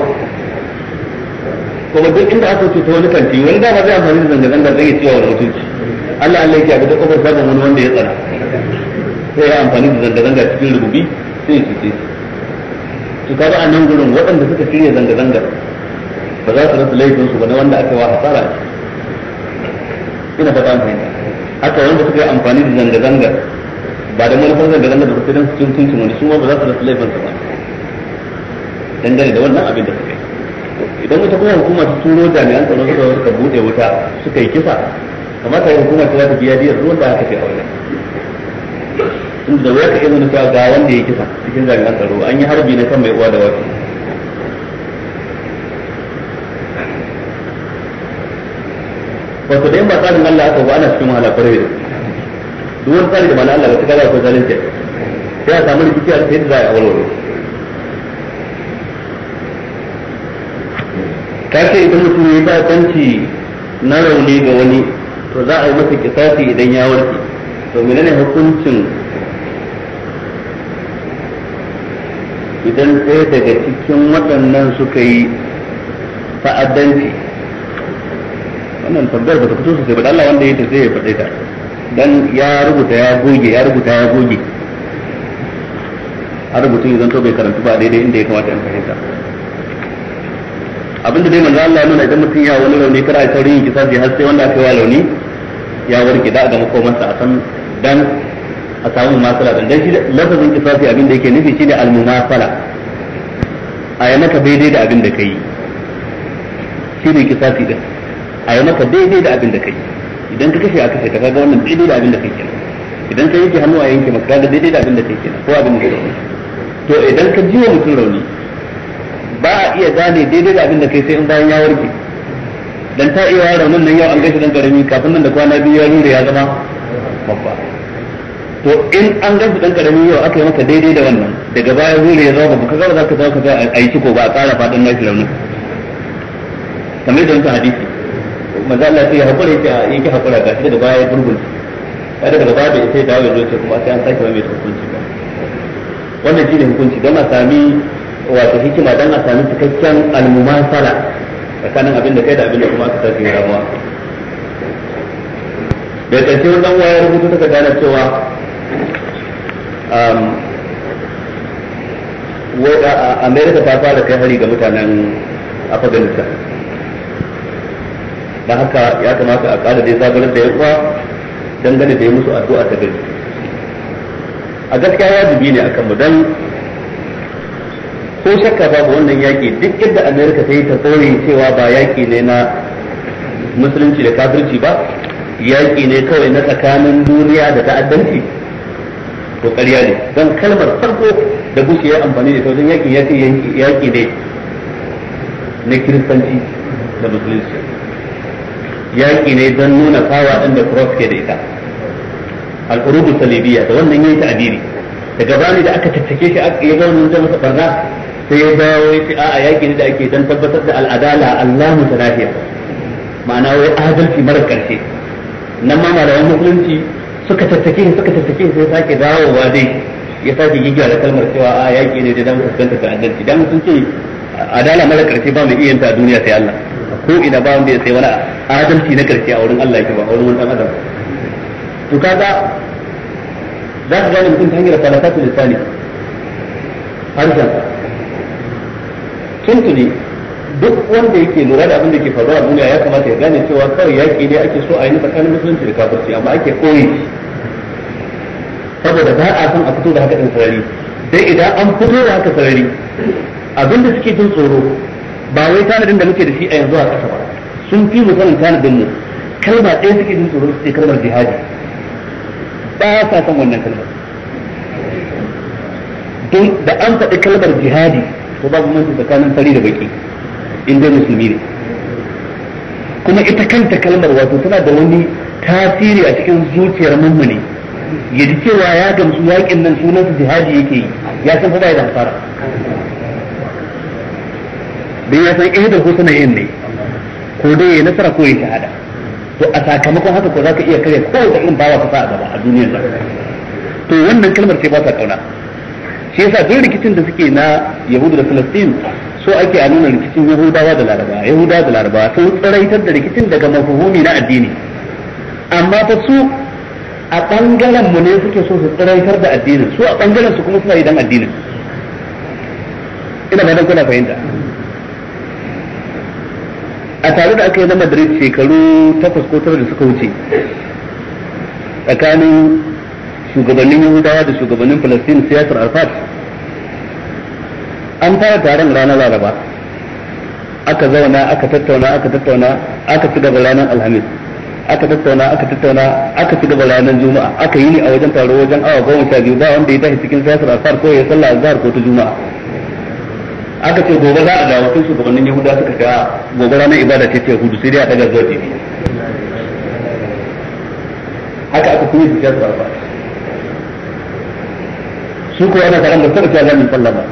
kuma duk inda aka ce ta wani kanti wani dama zai amfani da zanga-zanga zai cewa wani mutunci Allah Allah yake abu da kofar sabon wani wanda ya tsara sai ya amfani da zanga-zanga cikin rububi sai ya cuce su kaga a nan gurin waɗanda suka shirya zanga-zangar ba za su rasa laifinsu ba na wanda aka wa hasara ina fata amfani haka wanda suka yi amfani da zanga-zangar ba da manufar zanga zanga da rufe dan cikin cin wani su ma ba za su rasa laifin sa ba dangane da wannan abin da suka yi idan wata kuma hukuma ta turo jami'an tsaro suka wasu suka bude wuta suka yi kisa kamata yin hukuma ta za ta biya biyar ruwan da aka ce a wajen inda da wata iya nuna cewa ga wanda ya kisa cikin jami'an tsaro an yi harbi na kan mai uwa da wasu wato da yin ba tsarin Allah aka ba ana cikin wahala kwarai da duk wani tsari da mana na Allah ga ta da akwai zalunci sai a samu rikici a cikin da za a wani ka ce idan mutum ya ba tanci na rauni ga wani to za a yi masa kisasi idan ya warke to ne hukuncin idan ɗaya daga cikin waɗannan suka yi ta'addanci wannan tabbatar ba ta fito sosai ba Allah wanda ya ta zai ya faɗe ta dan ya rubuta ya goge ya rubuta ya goge har mutum zan to bai karanta ba daidai inda ya kamata in fahimta Abin da dai manzo Allah ya nuna idan mutum ya wani rauni kira ya saurin yin kisasi har sai wanda aka yi wa rauni ya warke da ga makomarsa a san dan a samu masala dan dan shi lafazin kisasi abin da yake nufi shine al munafala a yi maka daidai da abin da kai ne kisasi da a yi maka daidai da abin da kai idan ka kashe a kashe ka ga wannan daidai da abin da kai kenan idan ka yanke hannu a yanke maka kaga daidai da abin da kai kenan ko abin da kai to idan ka jiwa mutum rauni ba a iya gane daidai da abin da kai sai in bayan ya warke dan ta iya raunin nan yau an gashi dan karami kafin nan da kwana biyu ya rure ya zama babba to in an gashi dan karami yau aka yi maka daidai da wannan daga baya rure ya zama ka ga za ka zama ka ga a yi ciko ba a ƙara faɗin nashi raunin kamar yadda hadisi manzo Allah sai ya hakura yake a yake hakura ga shi da baya gurgunta kada daga baya da sai dawo ya zo kuma sai an sake mai hukunci ba wannan shine hukunci don a sami wato hikima don a sami cikakken sala tsakanin abin da kai da abin da kuma aka sake ramuwa da ƙarshe wani dan wayar rubutu ta gane cewa um, Amerika ta fara kai hari ga mutanen Afghanistan da haka ya kamata a ƙara dai zabarar da yawa dangane da ya musu addu'a ta gari a gaskiya wajibi ne akan mu dan ko shakka babu wannan yaki duk yadda Amerika ta yi ta cewa ba yaki ne na musulunci da kafirci ba yaki ne kawai na tsakanin duniya da ta'addanci to ƙarya ne don kalmar farko da bushe ya amfani da sautin yakin yaki ne na kiristanci da musulunci Yaƙi ne don nuna fawa ɗin da cross ke da ita al-urubu salibiyya da wannan yayin ta'abiri daga bani da aka tattake shi aka yi gaunin da masa barna sai ya dawo ya ce a'a yaki ne da ake don tabbatar da al'adala Allah mutanafiya ma'ana wai adalci mara ƙarshe. nan ma malaman musulunci suka tattake suka tattake sai sake dawowa dai ya sake gigiya da kalmar cewa a yaƙi ne da dan fuskanta da adalci dan sun ce adala mara ƙarshe ba mu iya ta duniya sai Allah ko ina ba wanda ya sai wani adalci na karshe a wurin Allah ke ba a wurin wani adam to kaga za ka gane mutum ta hanyar falatatul lisani harshen tuntuni duk wanda yake lura da abin da ke faruwa a duniya ya kamata ya gane cewa kawai yaƙi ne ake so a yi tsakanin musulunci da kafirci amma ake koyi saboda ba a san a fito da haka din sarari sai idan an fito da haka sarari abinda suke jin tsoro ba wai tanadin da muke da shi a yanzu a ƙasa ba sun fi mu sanin tanadin mu kalma ɗaya suke jin tsoro su ce kalmar jihadi ba sa san wannan kalmar don da an faɗi kalmar jihadi to mu mutu tsakanin fari da baki in dai musulmi ne kuma ita kanta kalmar wato tana da wani tasiri a cikin zuciyar mummuni ya ji cewa ya gamsu yakin nan sunan jihadi yake yi ya san fa da hasara dan ya san eh ko husna yin ne ko dai ya nasara ko ya shahada to a sakamakon haka ko za ka iya karya ko da irin bawa ka sa a gaba a duniyar nan to wannan kalmar ce ba ta kauna shi yasa duk rikicin da suke na yahudu da filistin so ake a nuna rikicin yahudawa da laraba yahudawa da laraba sun tsiraitar da rikicin daga mafuhumi na addini amma fa su a bangaren mu ne suke so su tsiraitar da addinin su a bangaren su kuma suna yi dan addinin ina ba dan kuna fahimta a tare da aka yi na madrid shekaru takwas ko tara da suka wuce tsakanin shugabannin yahudawa da shugabannin falastin siyasar arfat an fara taron ranar laraba aka zauna aka tattauna aka tattauna aka ci gaba ranar alhamis aka tattauna aka tattauna aka ci gaba ranar juma'a aka yi ne a wajen taro wajen awa goma sha biyu ba wanda ya tashi cikin siyasar arfat ko ya sallah azhar ko ta juma'a aka ce gobe za a dawo sai shugabannin yahuda suka ce gobe ranar ibada ce ce hudu sai dai a daga zuwa jibi haka aka kuma zuciya su ba su ko ana karan da suka ce za mu a ba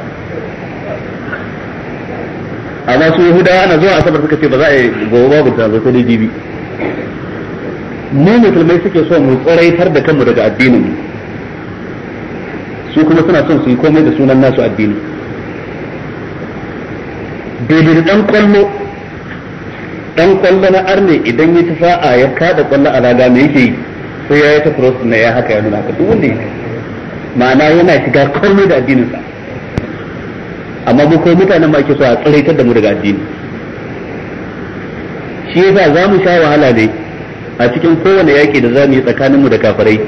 amma su yahuda ana zuwa asabar suka ce ba za a yi gobe babu ta zo sai jibi mu musulmai suke so mu tsoraitar da kanmu daga addinin su kuma suna son su yi komai da sunan nasu addinin daidai da dan kwallo dan kwallo na arne idan ya sa'a ya kada kwallo a raga me yake sai ya yi ta cross na ya haka ya nuna haka duk wanda ma'ana yana shiga kwallo da addininsa amma mu kai mutanen ma ake so a tsiraitar da mu daga addini shi yasa za mu sha wahala ne a cikin kowane yaki da za mu yi tsakanin mu da kafirai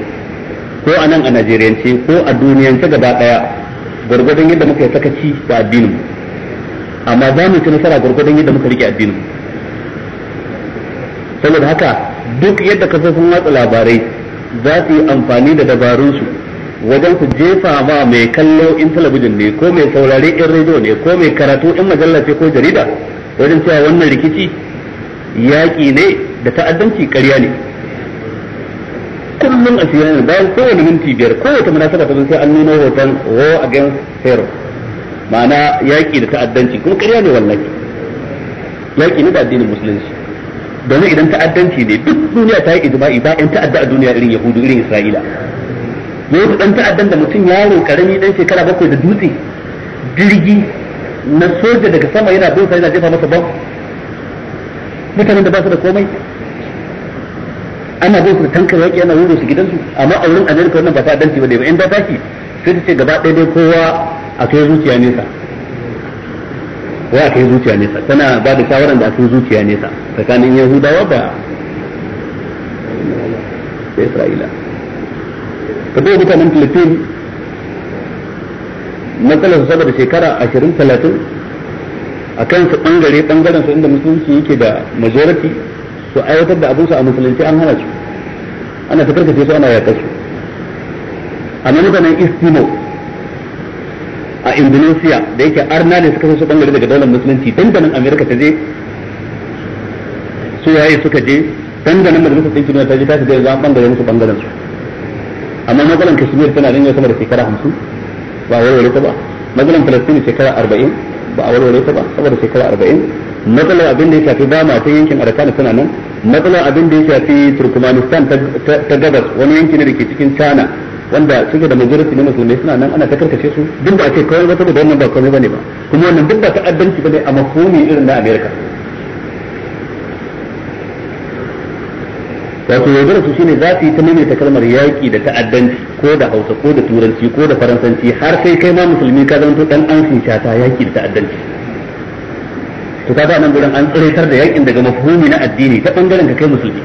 ko a nan a najeriyance ko a duniyance gaba daya gwargwadon yadda muka yi sakaci da addinin mu amma za mu ci nasara gurgurdan yadda muka rike addinin saboda haka duk yadda kafofin watsa labarai za su yi amfani da dabarunsu wajen su jefa ma mai kallo in talabijin ne ko mai saurare in rediyo ne ko mai karatu in majalla ce ko jarida wajen cewa wannan rikici yaƙi ne da ta'addanci karya ne kullum a siyanin bayan kowane minti biyar kowace munasaba ta sai an nuna hoton war against terror ma'ana yaƙi da ta'addanci kuma ƙarya ne wallahi yaƙi ne da addinin musulunci domin idan ta'addanci ne duk duniya ta yi ijma'i ba ƴan ta'adda a duniya irin yahudu irin isra'ila yau dan ta'addan da mutum yaro karami dan shekara bakwai da dutse jirgi na soja daga sama yana bin sa yana jefa masa bom mutanen da ba su da komai ana bin su da tankar yaƙi ana wuro su gidansu amma a wurin amerika wannan ba ta'addanci ba ne ba in ta ki sai ta ce gaba ɗaya dai kowa a kai zuciya nesa wai a kai zuciya nesa tana ba da shawaran da a kai zuciya nesa tsakanin yahudawa da isra'ila ka bai mutanen filifin matsalar su saboda shekara 20-30 a kan su bangare bangaren su inda musulunci yake da majority su aiwatar da abinsu a musulunci an hana su ana ta karkace su ana yakar su amma mutanen istimo a indonesia da yake arna ne suka su bangare daga daular musulunci dandanan amerika ta je su yayi suka je dandanan majalisa ta yi ta je ta shiga yanzu an bangare musu bangaren su amma matsalan kashmir tana nan sama da shekara hamsin ba a warware ta ba matsalan palestine shekara arba'in ba a warware ta ba saboda shekara arba'in matsalar abin da ya shafi bama ta yankin arakana tana nan matsalar abin da ya shafi turkmanistan ta gabas wani yanki ne da ke cikin china wanda suke da majority na musulmai suna nan ana ta karkace su duk da ake kawai wata da wannan ba komai bane ba kuma wannan duk ba addanci bane a mafhumi irin na America wato yaudar su shine za su yi ta maimaita kalmar yaƙi da ta'addanci ko da hausa ko da turanci ko da faransanci har sai kai ma musulmi ka zanto dan an shata yaƙi da ta'addanci to kaga nan gurin an tsiraitar da yaƙin daga mafhumi na addini ta bangaren ka kai musulmi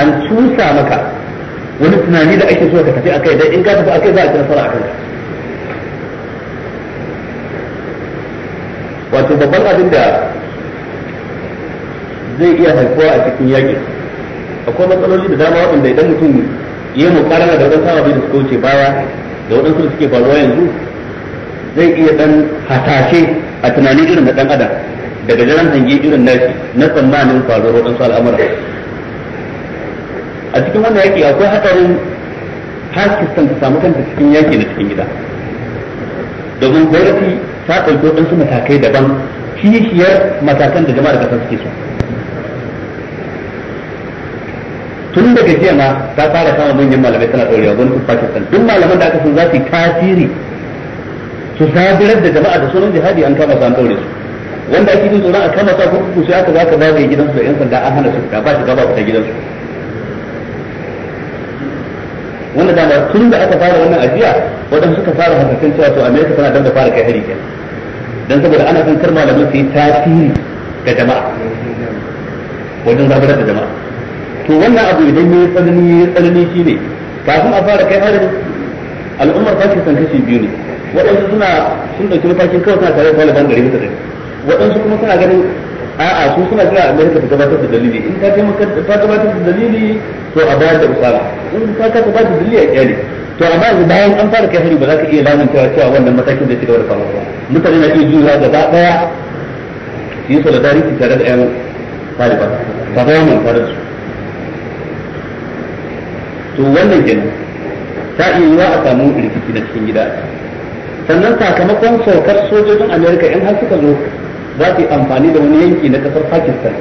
an cusa maka wani tunani da ake so ka tafi akai dai in ka tafi akai za a ci nasara akai wato babban abin da zai iya haifuwa a cikin yaƙi akwai matsaloli da dama waɗanda idan mutum ya mu karara da wadansu abu da suka wuce baya da waɗansu da suke faruwa yanzu zai iya ɗan hasashe a tunanin irin da ɗan adam daga jiran hange irin nashi na tsammanin faruwar waɗansu al'amura a cikin wannan yaki akwai hatsarin Pakistan ta samu kanta cikin yaki na cikin gida domin gwamnati ta ɗauki waɗansu matakai daban kishiyar matakan da jama'ar ƙasar suke so tun daga jiya ma ta fara samun manyan malamai tana ɗaurewa gwamnatin Pakistan duk malaman da aka san za su yi tasiri su zabirar da jama'a da sunan jihadi an kama su an ɗaure su wanda ake jin tsoron a kama sa kuku sai aka za ka zagaye gidansu da 'yan sanda an hana su da ba shi gaba ta gidansu wanda dama tun da aka fara wannan ajiya wadanda suka fara hasashen cewa to amerika tana dan da fara kai hari kenan dan saboda ana son kar malamai su yi tasiri ga jama'a wajen zaburar da jama'a to wannan abu idan ya tsanani ya tsanani ne kafin a fara kai harin al'ummar pakistan kashi biyu ne waɗansu suna sun ɗauki matakin kawai suna tare da taliban gari mutane waɗansu kuma suna ganin a'a su suna jira amerika ta gabatar da dalili in ta gabatar da dalili to a bayan da misala in ka ka ba da diliya kyale to amma yanzu bayan an fara kai hari ba za ka iya lamun cewa cewa wannan matakin da cigaba da faruwa ba mutane na iya juya gaba daya su yi solidarity tare da yan taliban ba ga yawan tare da su to wannan kenan ta iya yiwa a samu rikici na cikin gida sannan sakamakon saukar sojojin amerika in har suka zo za su yi amfani da wani yanki na kasar pakistan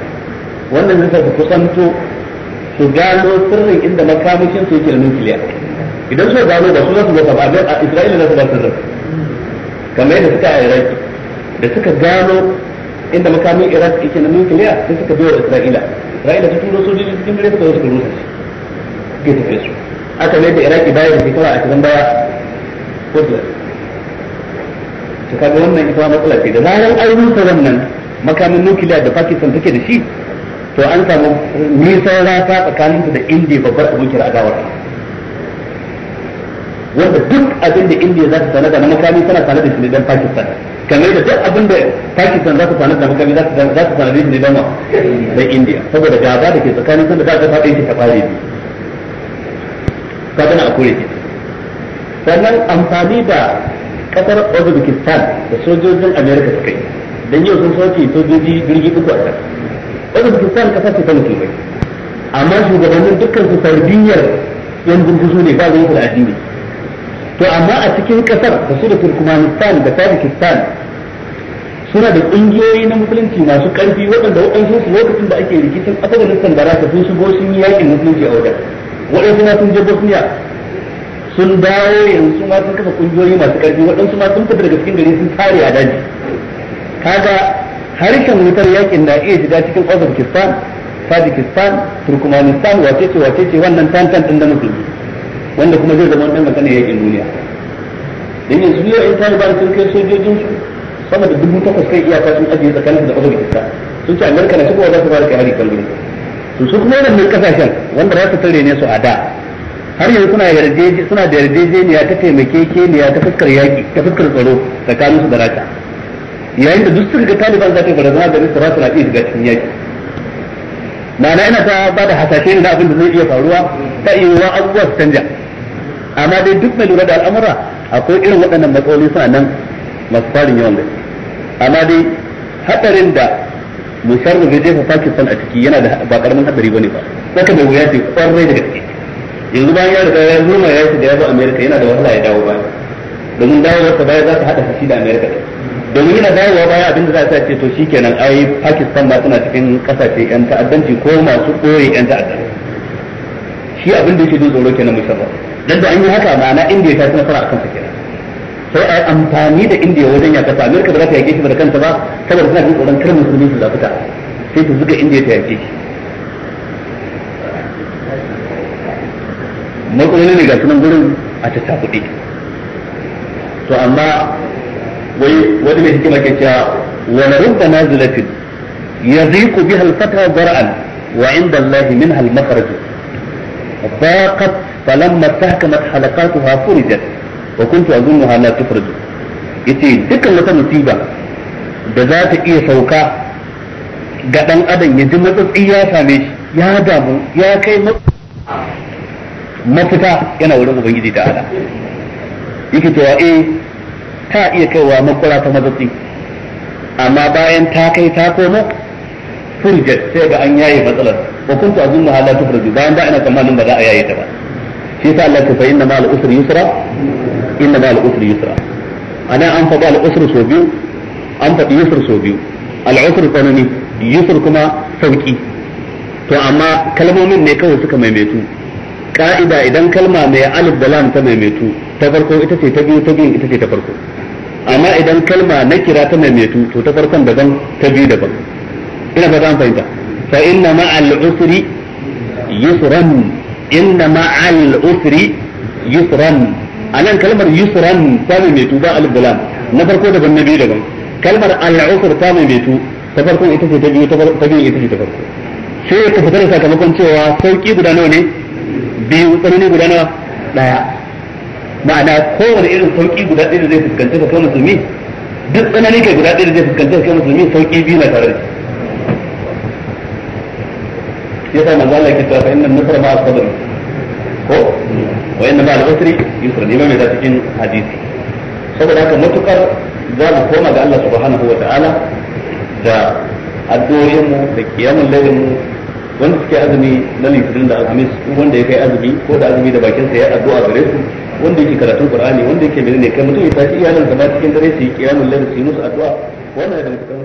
wannan zai sa kusanto su gano sirrin inda makamashin su yake da nukiliya idan su gano ba su za su ba a Isra'ila na su ba sirrin kamar yadda suka a Iraq da suka gano inda makamin Iraq yake na nukiliya sai suka biyo Isra'ila Isra'ila su turo su jirgin cikin birnin su zo su rusa shi ke tafiya su aka ne da Iraq baya da shekara cikin baya Kudus su kaga wannan ita matsala ce da zaran an rusa wannan makamin nukiliya da Pakistan take da shi to an samu nisan rata tsakanin da indiya babbar abokiyar adawar wanda duk abin da indiya za ta tanada na makami tana sana da shi ne don pakistan kamar da duk abin da pakistan za ta tanada da makami za ta da shi ne don da indiya saboda gaba da ke tsakanin sun da za ta faɗi shi ta ɓare bi ka tana a kore ke sannan amfani da kasar uzbekistan da sojojin america suka yi don yau sun soke sojoji jirgi uku a can uzbekistan kasa ce ta musulmai amma shugabannin dukkan su sardiyyar yan su ne ba zai da addini to amma a cikin kasar da su da turkmanistan da tajikistan suna da ƙungiyoyi na musulunci masu ƙarfi waɗanda waɗansu su lokacin da ake rikicin afganistan da rasa sun shigo sun yi yakin musulunci a wajen waɗansu ma sun je bosnia sun dawo yanzu ma sun kafa ƙungiyoyi masu ƙarfi waɗansu ma sun fita daga cikin gari sun tare a daji kaga harshen wutar yakin na iya shiga cikin Uzbekistan Tajikistan Turkmenistan wace ce wace ce wannan tantan din da musulmi wanda kuma zai zama wannan magana yakin duniya dan yanzu yau in Taliban sun kai sojojin su sama da dubu takwas kai iyaka sun ajiye tsakanin da Uzbekistan sun ce Amerika na cikin za su fara kai hari kan gurin Su su kuma wannan kasashen wanda za su tare ne su a da har yanzu suna yarjeje suna da yarjejeniya ta taimakekeniya ta fuskar yaki ta fuskar tsaro tsakanin su da Rasha yayin da duk sun ga taliban za ta barazana da nisa rasu na iya shiga cikin yaki ma'ana ina ta ba da hasashe ne da abin da zai iya faruwa ta iya wa abubuwa su canja amma dai duk mai lura da al'amura akwai irin waɗannan matsaloli suna nan masu farin yawan gaske amma dai hadarin da musharru zai jefa pakistan a ciki yana da ba karamin hadari bane ba saka mai wuya ce kwarai da gaske yanzu bayan ya riga ya zuma ya shiga ya zo america yana da wahala ya dawo ba domin dawo wata baya za ta hada shi da america domin yana dawowa baya abin da za a sa ce to shikenan ai Pakistan ba suna cikin kasashe yan ta'addanci ko masu koyi yan ta'addanci shi abin da yake jin tsoro kenan musamman dan da an yi haka ma'ana India ta ci nasara akan ta kenan sai ai amfani da India wajen ya kasa Amerika ba za ta yake shi ba da kanta ba saboda suna jin tsoron kar musulmi su zafuta sai su zuga India ta yake shi matsaloli ne ga sunan gurin a ta kuɗi to amma wai wani mai hikima ke cewa wani rubba nazilatin يضيق بها الفتى ذرعا وعند الله منها المخرج ضاقت فلما استحكمت حلقاتها فرجت وكنت اظنها لا تفرج yace dukkan wata ba da za ta iya sauka ga ɗan adam ya ji matsatsi ya same shi ya damu ya kai mafita yana wurin ubangiji da ala ta iya kaiwa makura ta mazatsi amma bayan ta kai ta komo furjet sai ga an yaye matsalar ta kuntu azunnu ta tufraju bayan da ina tsammanin ba za a yaye ta ba shi yasa Allah ta fa inna ma al-usri yusra inna ma al-usri yusra ana an faɗi al-usri so biyu an faɗi yusr so biyu al-usri tsanani yusr kuma sauki to amma kalmomin ne kawai suka maimaitu ka'ida idan kalma mai alif da lam ta maimaitu ta farko ita ce ta biyu ta biyu ita ce ta farko amma idan kalma na kira ta metu to ta farkon daban ta biyu daban ina ba zan fahimta fa inna ma'al usri yusran inna ma'al usri yusran anan kalmar yusran ta metu ba alif bulam na farko daban na biyu daban kalmar al usr ta metu ta farkon ita ce ta biyu ta biyu ita ce ta farko sai ka fitar sakamakon cewa sauki guda nawa ne biyu tsanani guda nawa daya ma'ana kowane irin sauki guda ɗaya da zai fuskanci ka kai musulmi duk tsanani kai guda ɗaya da zai fuskanci ka kai musulmi sauki biyu na tare ya sa manzo Allah ke cewa inna nasara ma'a sabr ko wa inna ma'a al-usri yusra ne mai da cikin hadisi saboda haka matukar za mu koma ga Allah subhanahu wa ta'ala da addu'o'in mu da kiyamun lailin mu wanda suke azumi na litinin da alhamis wanda ya kai azumi ko da azumi da bakin sa ya addu'a gare su wanda yake karatun qur'ani wanda yake menene kai mutum ya tashi iyalan zama cikin dare su yi kiyamul layl su yi musu addu'a wannan da mutum